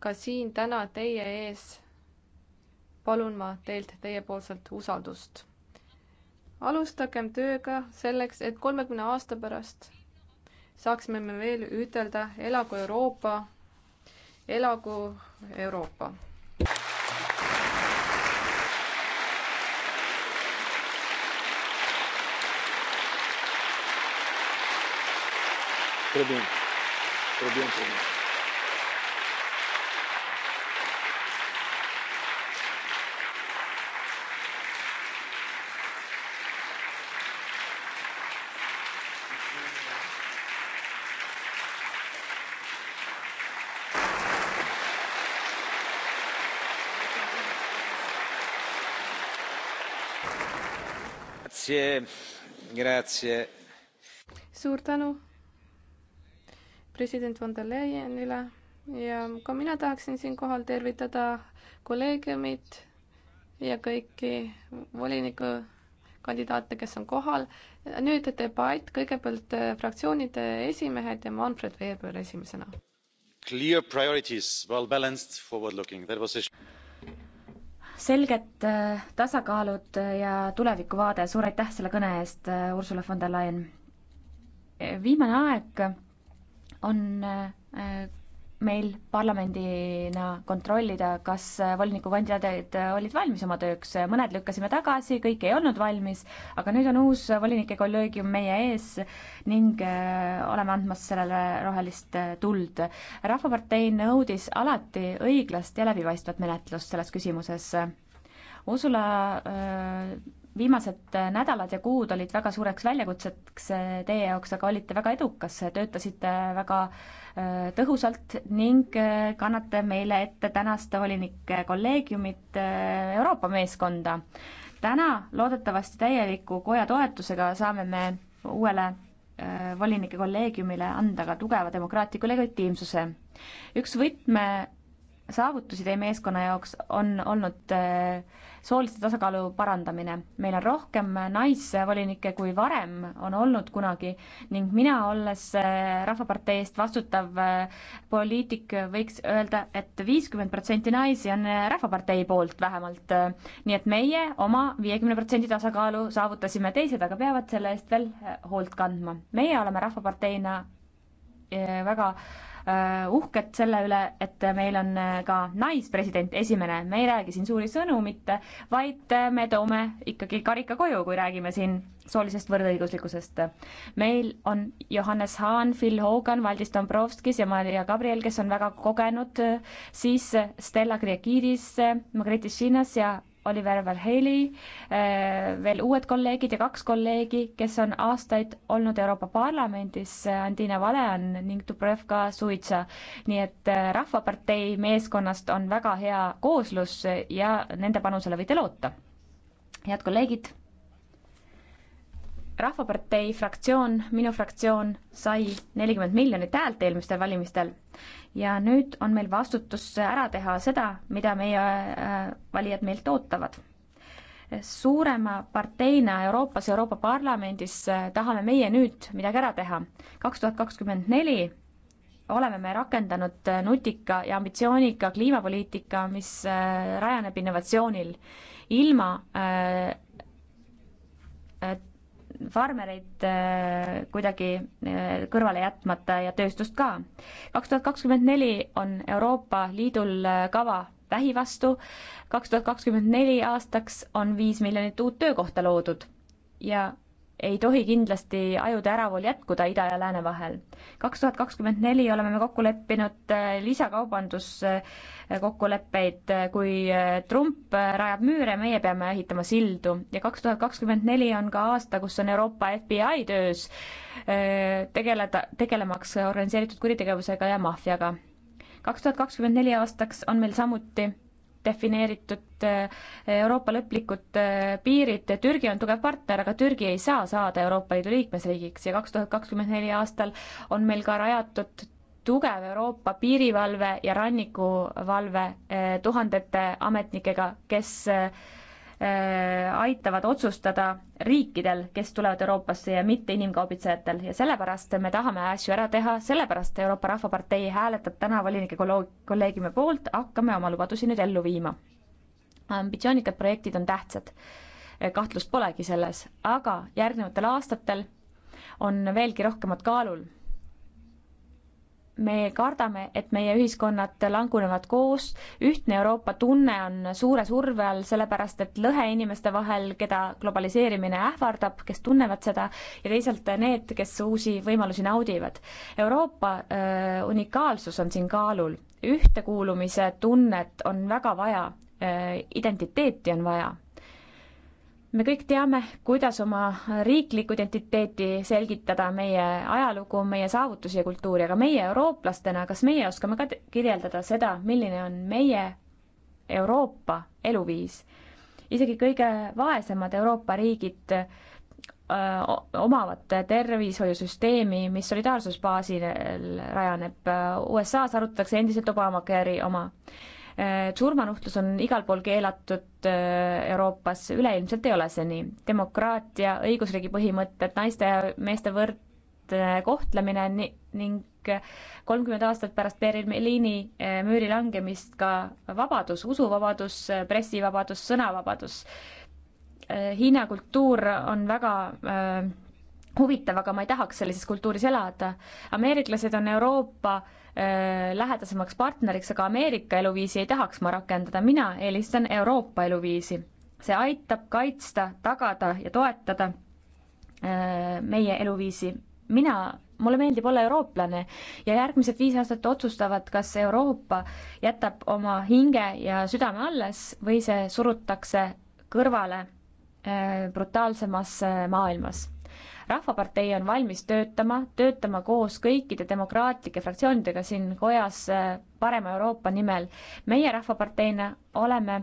ka siin täna teie ees palun ma teilt teiepoolselt usaldust. alustagem tööga selleks, et kolmekümne aasta pärast saaksime me veel ütelda, elagu Euroopa, elagu Euroopa! trebuie trebuie trebuie. suur tänu! president von der Leyenile ja ka mina tahaksin siinkohal tervitada kolleegiumit ja kõiki voliniku kandidaate, kes on kohal. nüüd debatt, kõigepealt äh, fraktsioonide esimehed ja Manfred Weber esimesena. Clear priorities, well balanced, forward looking, that was a selged äh, tasakaalud äh, ja tulevikuvaade, suur aitäh selle kõne eest, Ursula von der Leyen. viimane aeg on äh, meil parlamendina kontrollida, kas äh, volinikukandidaadid äh, olid valmis oma tööks, mõned lükkasime tagasi, kõik ei olnud valmis, aga nüüd on uus volinike kolleegium meie ees ning oleme andmas sellele rohelist tuld. rahvapartei nõudis alati õiglast ja läbipaistvat menetlust selles küsimuses. Ursula viimased nädalad ja kuud olid väga suureks väljakutseks teie jaoks, aga olite väga edukas, töötasite väga äh, tõhusalt ning äh, kannate meile ette tänast volinike äh, kolleegiumit Euroopa meeskonda. täna loodetavasti täieliku koja toetusega saame me uuele volinike kolleegiumile anda ka tugeva demokraatliku legitiimsuse. üks võtme saavutusi teie meeskonna jaoks on olnud äh, soolise tasakaalu parandamine. meil on rohkem naisvolinikke, kui varem on olnud kunagi ning mina, olles äh, Rahvapartei eest vastutav äh, poliitik, võiks öelda et, et viiskümmend protsenti naisi on Rahvapartei poolt vähemalt. nii et meie oma viiekümne protsendi tasakaalu saavutasime, teised aga peavad selle eest veel hoolt kandma. meie oleme Rahvaparteina väga äh, Äh, uhked selle üle, et meil on äh, ka naispresident esimene, me ei räägi siin suuri sõnu mitte, vaid äh, me toome ikkagi karika koju, kui räägime siin soolisest võrdõiguslikkusest. meil on Johannes Hahn, Phil Hogan, Valdis Dombrovskis ja Maria Gabriel, kes on väga kogenud, siis Stella Kriakidis, Margretis Šinas ja Oliver Verheili, äh, veel uued kolleegid ja kaks kolleegi, kes on aastaid olnud Euroopa Parlamendis, äh, Andina Valean ning Dubrovka Suitsa. nii et äh, Rahvapartei meeskonnast on väga hea kooslus ja nende panusele võite loota. head kolleegid Rahvapartei fraktsioon, minu fraktsioon sai nelikümmend miljonit häält eelmistel valimistel ja nüüd on meil vastutus ära teha seda, mida meie äh, valijad meilt ootavad. suurema parteina Euroopas, Euroopa Parlamendis äh, tahame meie nüüd midagi ära teha. kaks tuhat kakskümmend neli oleme me rakendanud äh, nutika ja ambitsioonika kliimapoliitika, mis rajaneb innovatsioonil. ilma et farmereid äh, kuidagi äh, kõrvale jätmata ja tööstust ka. kaks tuhat kakskümmend neli on Euroopa Liidul äh, kava vähi vastu, kaks tuhat kakskümmend neli aastaks on viis miljonit uut töökohta loodud ja ei tohi kindlasti ajude äravool jätkuda ida ja lääne vahel. kaks tuhat kakskümmend neli oleme me kokku leppinud äh, lisakaubanduskokkuleppeid, äh, kui äh, Trump rajab müüre, meie peame ehitama sildu ja kaks tuhat kakskümmend neli on ka aasta, kus on Euroopa FBI töös tegeleda, tegelemaks organiseeritud kuritegevusega ja maffiaga kaks tuhat kakskümmend neli aastaks on meil samuti defineeritud äh, Euroopa lõplikud äh, piirid, Türgi on tugev partner, aga Türgi ei saa saada Euroopa Liidu liikmesriigiks ja kaks tuhat kakskümmend neli aastal on meil ka rajatud tugev Euroopa piirivalve ja rannikuvalve äh, tuhandete ametnikega, kes Äh, aitavad otsustada riikidel, kes tulevad Euroopasse ja mitte inimkaubitsejatel ja sellepärast me tahame asju ära teha, sellepärast Euroopa Rahvapartei hääletab täna volinike kolleegiumi poolt, hakkame oma lubadusi nüüd ellu viima. ambitsioonikad projektid on tähtsad, kahtlust polegi selles, aga järgnevatel aastatel on veelgi rohkemad kaalul me kardame, et meie ühiskonnad langunevad koos, ühtne Euroopa tunne on suure surve all, sellepärast et lõhe inimeste vahel, keda globaliseerimine ähvardab, kes tunnevad seda, ja teisalt need, kes uusi võimalusi naudivad. Euroopa äh, unikaalsus on siin kaalul, ühtekuulumise tunnet on väga vaja äh,, identiteeti on vaja me kõik teame, kuidas oma riiklikku identiteeti selgitada, meie ajalugu, meie saavutusi ja kultuuri, aga meie eurooplastena, kas meie oskame ka kirjeldada seda, milline on meie Euroopa eluviis? isegi kõige vaesemad Euroopa riigid öö, omavad tervishoiusüsteemi, mis solidaarsusbaasil rajaneb. USA-s arutatakse endiselt Obamacare oma Äh, surmanuhtlus on igal pool keelatud äh, Euroopas, üleilmselt ei ole see nii. demokraatia, õigusriigi põhimõtted, naiste ja meeste võrdne kohtlemine ning kolmkümmend aastat pärast Berliini äh, müüri langemist ka vabadus, usuvabadus, pressivabadus, sõnavabadus. Hiina kultuur on väga huvitav, aga ma ei tahaks sellises kultuuris elada. ameeriklased on Euroopa äh, Äh, lähedasemaks partneriks, aga Ameerika eluviisi ei tahaks ma rakendada, mina eelistan Euroopa eluviisi. see aitab kaitsta, tagada ja toetada äh, meie eluviisi. mina, mulle meeldib olla eurooplane ja järgmised viis aastat otsustavad, kas Euroopa jätab oma hinge ja südame alles või see surutakse kõrvale äh, brutaalsemas maailmas rahvapartei on valmis töötama, töötama koos kõikide demokraatlike fraktsioonidega siin kojas äh, parema Euroopa nimel. meie Rahvaparteina oleme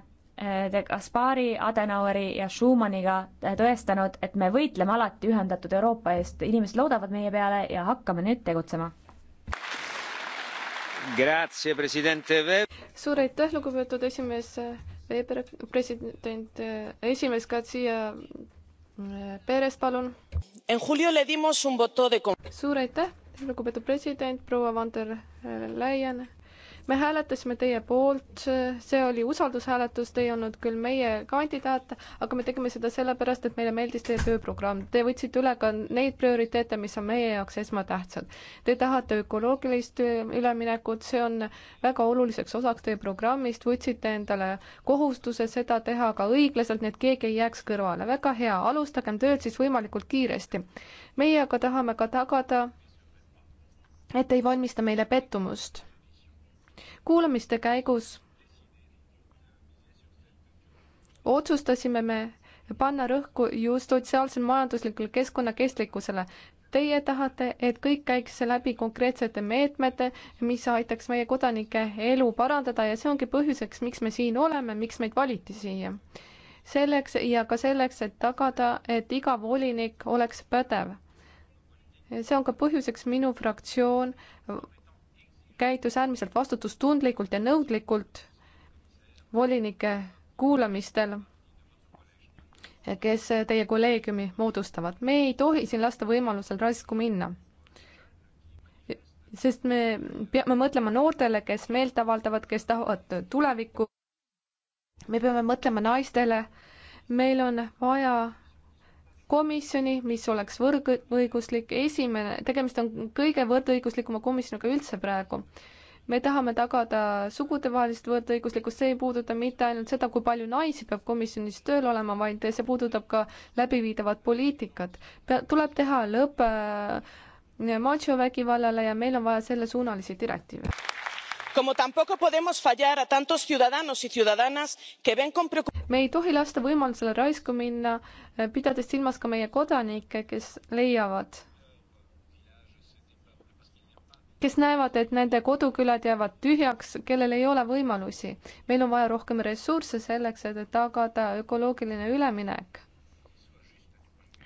Kaspari, äh, Adenaueri ja Schumanniga äh, tõestanud, et me võitleme alati ühendatud Euroopa eest, inimesed loodavad meie peale ja hakkame nüüd tegutsema. suur aitäh, lugupeetud esimees Weber, president, esimees Katsia Perez, palun. suur aitäh, lugupeetud president, proua Van der Leyen me hääletasime teie poolt, see oli usaldushääletus, te ei olnud küll meie kandidaat, aga me tegime seda sellepärast, et meile meeldis teie tööprogramm. Te võtsite üle ka neid prioriteete, mis on meie jaoks esmatähtsad. Te tahate ökoloogilist üleminekut, see on väga oluliseks osaks teie programmist, võtsite endale kohustuse seda teha ka õiglaselt, nii et keegi ei jääks kõrvale. väga hea, alustagem tööd siis võimalikult kiiresti. meie aga tahame ka tagada et ei valmista meile pettumust kuulamiste käigus otsustasime me panna rõhku just sotsiaalsel majanduslikul keskkonna kestlikkusele. Teie tahate, et kõik käiks läbi konkreetsete meetmete, mis aitaks meie kodanike elu parandada ja see ongi põhjuseks, miks me siin oleme, miks meid valiti siia. selleks ja ka selleks, et tagada, et iga volinik oleks pädev. see on ka põhjuseks minu fraktsioon käitus äärmiselt vastutustundlikult ja nõudlikult volinike kuulamistel, kes teie kolleegiumi moodustavad. me ei tohi siin lasta võimalusel raisku minna sest me peame mõtlema noortele, kes meelt avaldavad, kes tahavad tulevikku. me peame mõtlema naistele. meil on vaja komisjoni, mis oleks võrdõiguslik, esimene, tegemist on kõige võrdõiguslikuma komisjoniga üldse praegu. me tahame tagada sugudevahelist võrdõiguslikkust, see ei puuduta mitte ainult seda, kui palju naisi peab komisjonis tööl olema, vaid see puudutab ka läbiviidavat poliitikat. tuleb teha lõpp äh, machovägivallale ja meil on vaja sellesuunalisi direktiive como tampoco podemos fallar a tantos ciudadanos y ciudadanas que ven con me ei tohi lasta võimalusele raisku minna, eh, pidades silmas ka meie kodanikke, kes leiavad, kes näevad, et nende kodukülad jäävad tühjaks, kellel ei ole võimalusi. meil on vaja rohkem ressursse selleks, et tagada ökoloogiline üleminek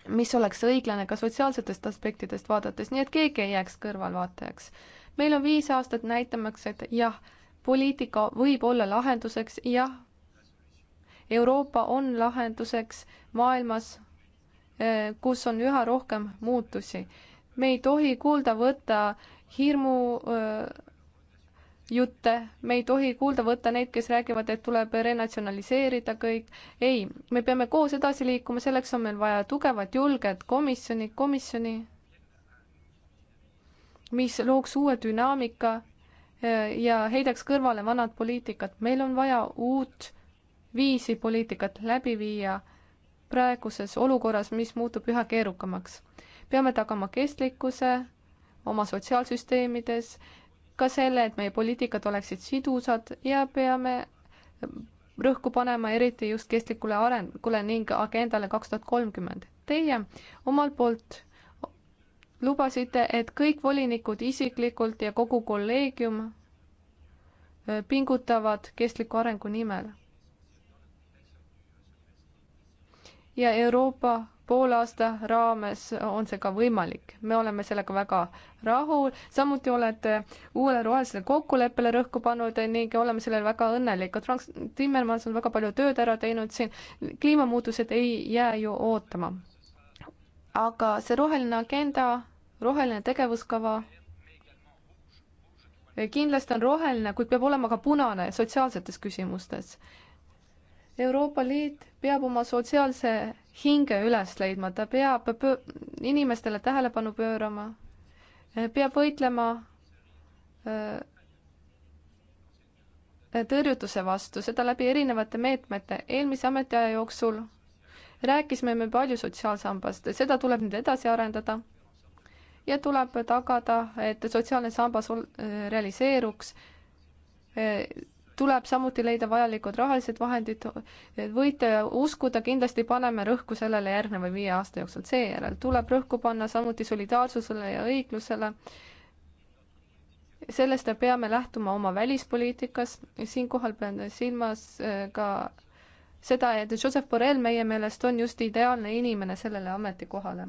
mis oleks õiglane ka sotsiaalsetest aspektidest vaadates, nii et keegi ei jääks kõrvalvaatajaks meil on viis aastat näitamaks, et jah, poliitika võib olla lahenduseks, jah, Euroopa on lahenduseks maailmas, eh, kus on üha rohkem muutusi. me ei tohi kuulda võtta hirmu eh, jutte, me ei tohi kuulda võtta neid, kes räägivad, et tuleb renatsionaliseerida kõik. ei, me peame koos edasi liikuma, selleks on meil vaja tugevat, julget komisjoni, komisjoni, mis looks uue dünaamika eh, ja heidaks kõrvale vanad poliitikad. meil on vaja uut viisi poliitikat läbi viia praeguses olukorras, mis muutub üha keerukamaks. peame tagama kestlikkuse oma sotsiaalsüsteemides, ka selle, et meie poliitikad oleksid sidusad ja peame rõhku panema eriti just kestlikule arengule ning agendale kaks tuhat kolmkümmend. Teie omalt poolt lubasite, et kõik volinikud isiklikult ja kogu kolleegium äh, pingutavad kestliku arengu nimel. ja Euroopa poolaasta raames on see ka võimalik, me oleme sellega väga rahul, samuti olete uuele rohelisele kokkuleppele rõhku pannud ning oleme sellele väga õnnelikud. Franz Timmermans on väga palju tööd ära teinud siin, kliimamuutused ei jää ju ootama. aga see roheline agenda roheline tegevuskava kindlasti on roheline, kuid peab olema ka punane sotsiaalsetes küsimustes. Euroopa Liit peab oma sotsiaalse hinge üles leidma, ta peab pöö-, inimestele tähelepanu pöörama, peab võitlema äh, tõrjutuse vastu, seda läbi erinevate meetmete. eelmise ametiaja jooksul rääkisime me palju sotsiaalsambast, seda tuleb nüüd edasi arendada ja tuleb tagada, et sotsiaalne sambas realiseeruks. tuleb samuti leida vajalikud rahalised vahendid. võite uskuda, kindlasti paneme rõhku sellele järgneva viie aasta jooksul. seejärel tuleb rõhku panna samuti solidaarsusele ja õiglusele. sellest me peame lähtuma oma välispoliitikas. siinkohal pean silmas äh, ka seda, et Joseph Borrell meie meelest on just ideaalne inimene sellele ametikohale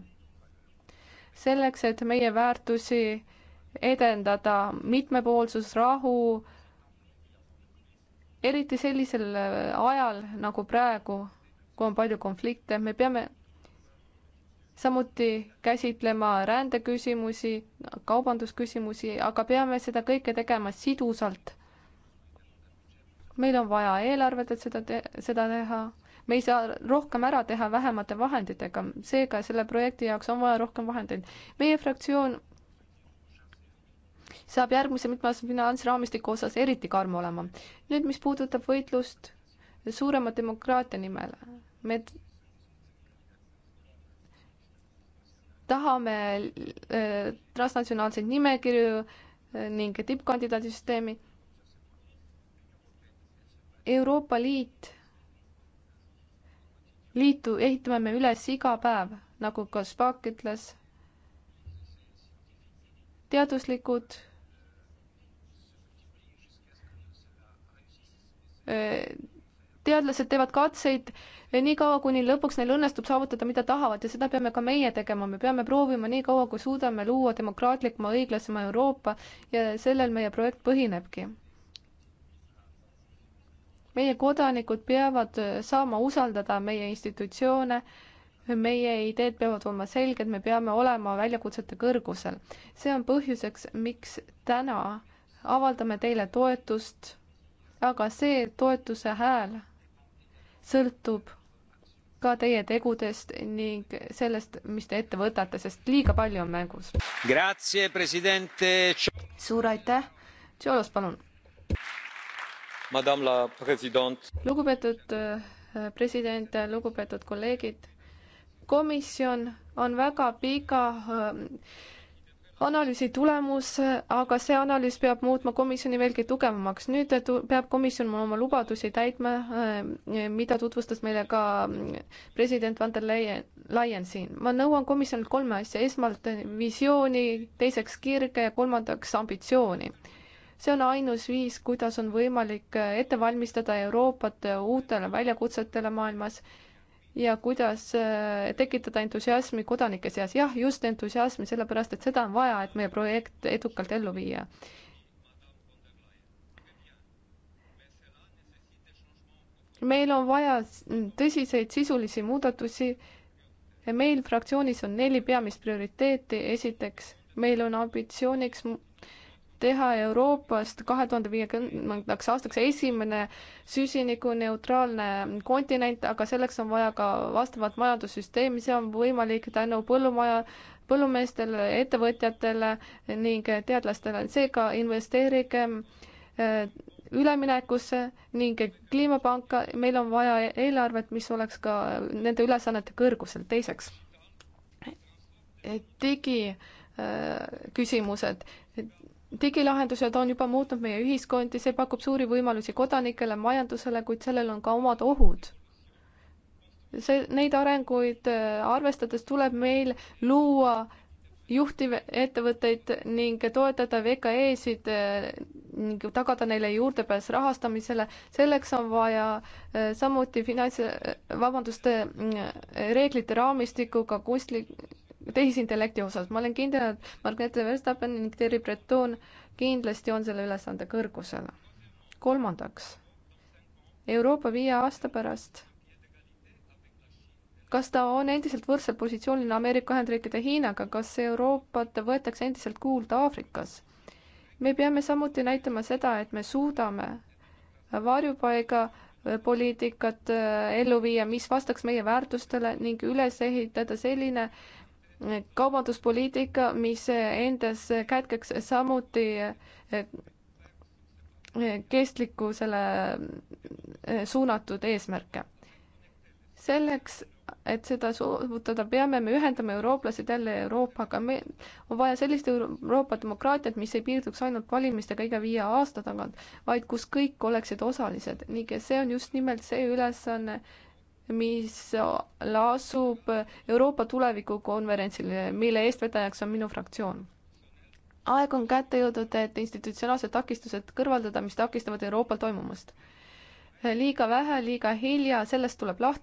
selleks, et meie väärtusi edendada, mitmepoolsus, rahu, eriti sellisel äh, ajal nagu praegu, kui on palju konflikte, me peame samuti käsitlema rändeküsimusi, kaubandusküsimusi, aga peame seda kõike tegema sidusalt. meil on vaja eelarvet, et seda te-, seda teha me ei saa rohkem ära teha vähemate vahenditega, seega selle projekti jaoks on vaja rohkem vahendeid. meie fraktsioon saab järgmise mitmes finantsraamistiku osas eriti karm olema. nüüd, mis puudutab võitlust suurema demokraatia nimel, me tahame äh, transnatsionaalseid nimekirju äh, ning tippkandidaadisüsteemi. Euroopa Liit liitu ehitame me üles iga päev, nagu ka Spaak ütles. teaduslikud äh, teadlased teevad katseid äh, niikaua, kuni lõpuks neil õnnestub saavutada, mida tahavad ja seda peame ka meie tegema, me peame proovima nii kaua, kui suudame luua demokraatlikuma, õiglasema Euroopa ja sellel meie projekt põhinebki meie kodanikud peavad äh, saama usaldada meie institutsioone, meie ideed peavad olema selged, me peame olema väljakutsete kõrgusel. see on põhjuseks, miks täna avaldame teile toetust, aga see toetuse hääl sõltub ka teie tegudest ning sellest, mis te ette võtate, sest liiga palju on mängus. suur aitäh, Tšolos, palun lugupeetud äh, president, äh, lugupeetud kolleegid. komisjon on väga pika äh, analüüsi tulemus, aga see analüüs peab muutma komisjoni veelgi tugevamaks. nüüd peab komisjon oma lubadusi täitma, mida tutvustas meile ka president van der Leyen, Leyen siin. ma nõuan komisjonilt kolme asja, esmalt visiooni, teiseks kirge ja kolmandaks ambitsiooni see on ainus viis, kuidas on võimalik ette valmistada Euroopat uutele väljakutsetele maailmas ja kuidas eh, tekitada entusiasmi kodanike seas. jah, just entusiasmi, sellepärast et seda on vaja, et meie projekt edukalt ellu viia. meil on vaja tõsiseid sisulisi muudatusi. meil fraktsioonis on neli peamist prioriteeti. esiteks, meil on ambitsiooniks teha Euroopast kahe tuhande viiekümnendaks aastaks esimene süsinikuneutraalne kontinent, aga selleks on vaja ka vastavat majandussüsteemi, see on võimalik tänu põllumaja, põllumeestele, ettevõtjatele ning teadlastele, seega investeerige äh, üleminekusse ning kliimapanka, meil on vaja eelarvet, mis oleks ka nende ülesannete kõrgusel, teiseks. digi äh, küsimused digilahendused on juba muutnud meie ühiskondi, see pakub suuri võimalusi kodanikele, majandusele, kuid sellel on ka omad ohud. see, neid arenguid äh, arvestades tuleb meil luua juhtivettevõtteid ning toetada VKE-sid äh, ning tagada neile juurdepääs rahastamisele. selleks on vaja äh, samuti finants, vabandust, reeglite raamistikuga kunstlik tehisintellekti osas, ma olen kindel, et Margrethe Verstappen ning Thierry Breton kindlasti on selle ülesande kõrgusel. kolmandaks, Euroopa viie aasta pärast, kas ta on endiselt võrdsel positsioonil nagu Ameerika Ühendriikide Hiinaga, kas Euroopat võetakse endiselt kuulda Aafrikas? me peame samuti näitama seda, et me suudame varjupaiga poliitikat äh, ellu viia, mis vastaks meie väärtustele ning üles ehitada selline äh, kaubanduspoliitika, mis endas kätkeks samuti eh, eh, kestlikkusele eh, suunatud eesmärke. selleks, et seda soovutada, peame me ühendama eurooplased jälle Euroopaga, me, on vaja sellist Euroopa demokraatiat, mis ei piirduks ainult valimistega iga viie aasta tagant, vaid kus kõik oleksid osalised ning see on just nimelt see ülesanne, mis asub Euroopa tulevikukonverentsil, mille eestvedajaks on minu fraktsioon. aeg on kätte jõudnud, et institutsionaalsed takistused kõrvaldada, mis takistavad Euroopal toimumast. liiga vähe, liiga hilja, sellest tuleb lahti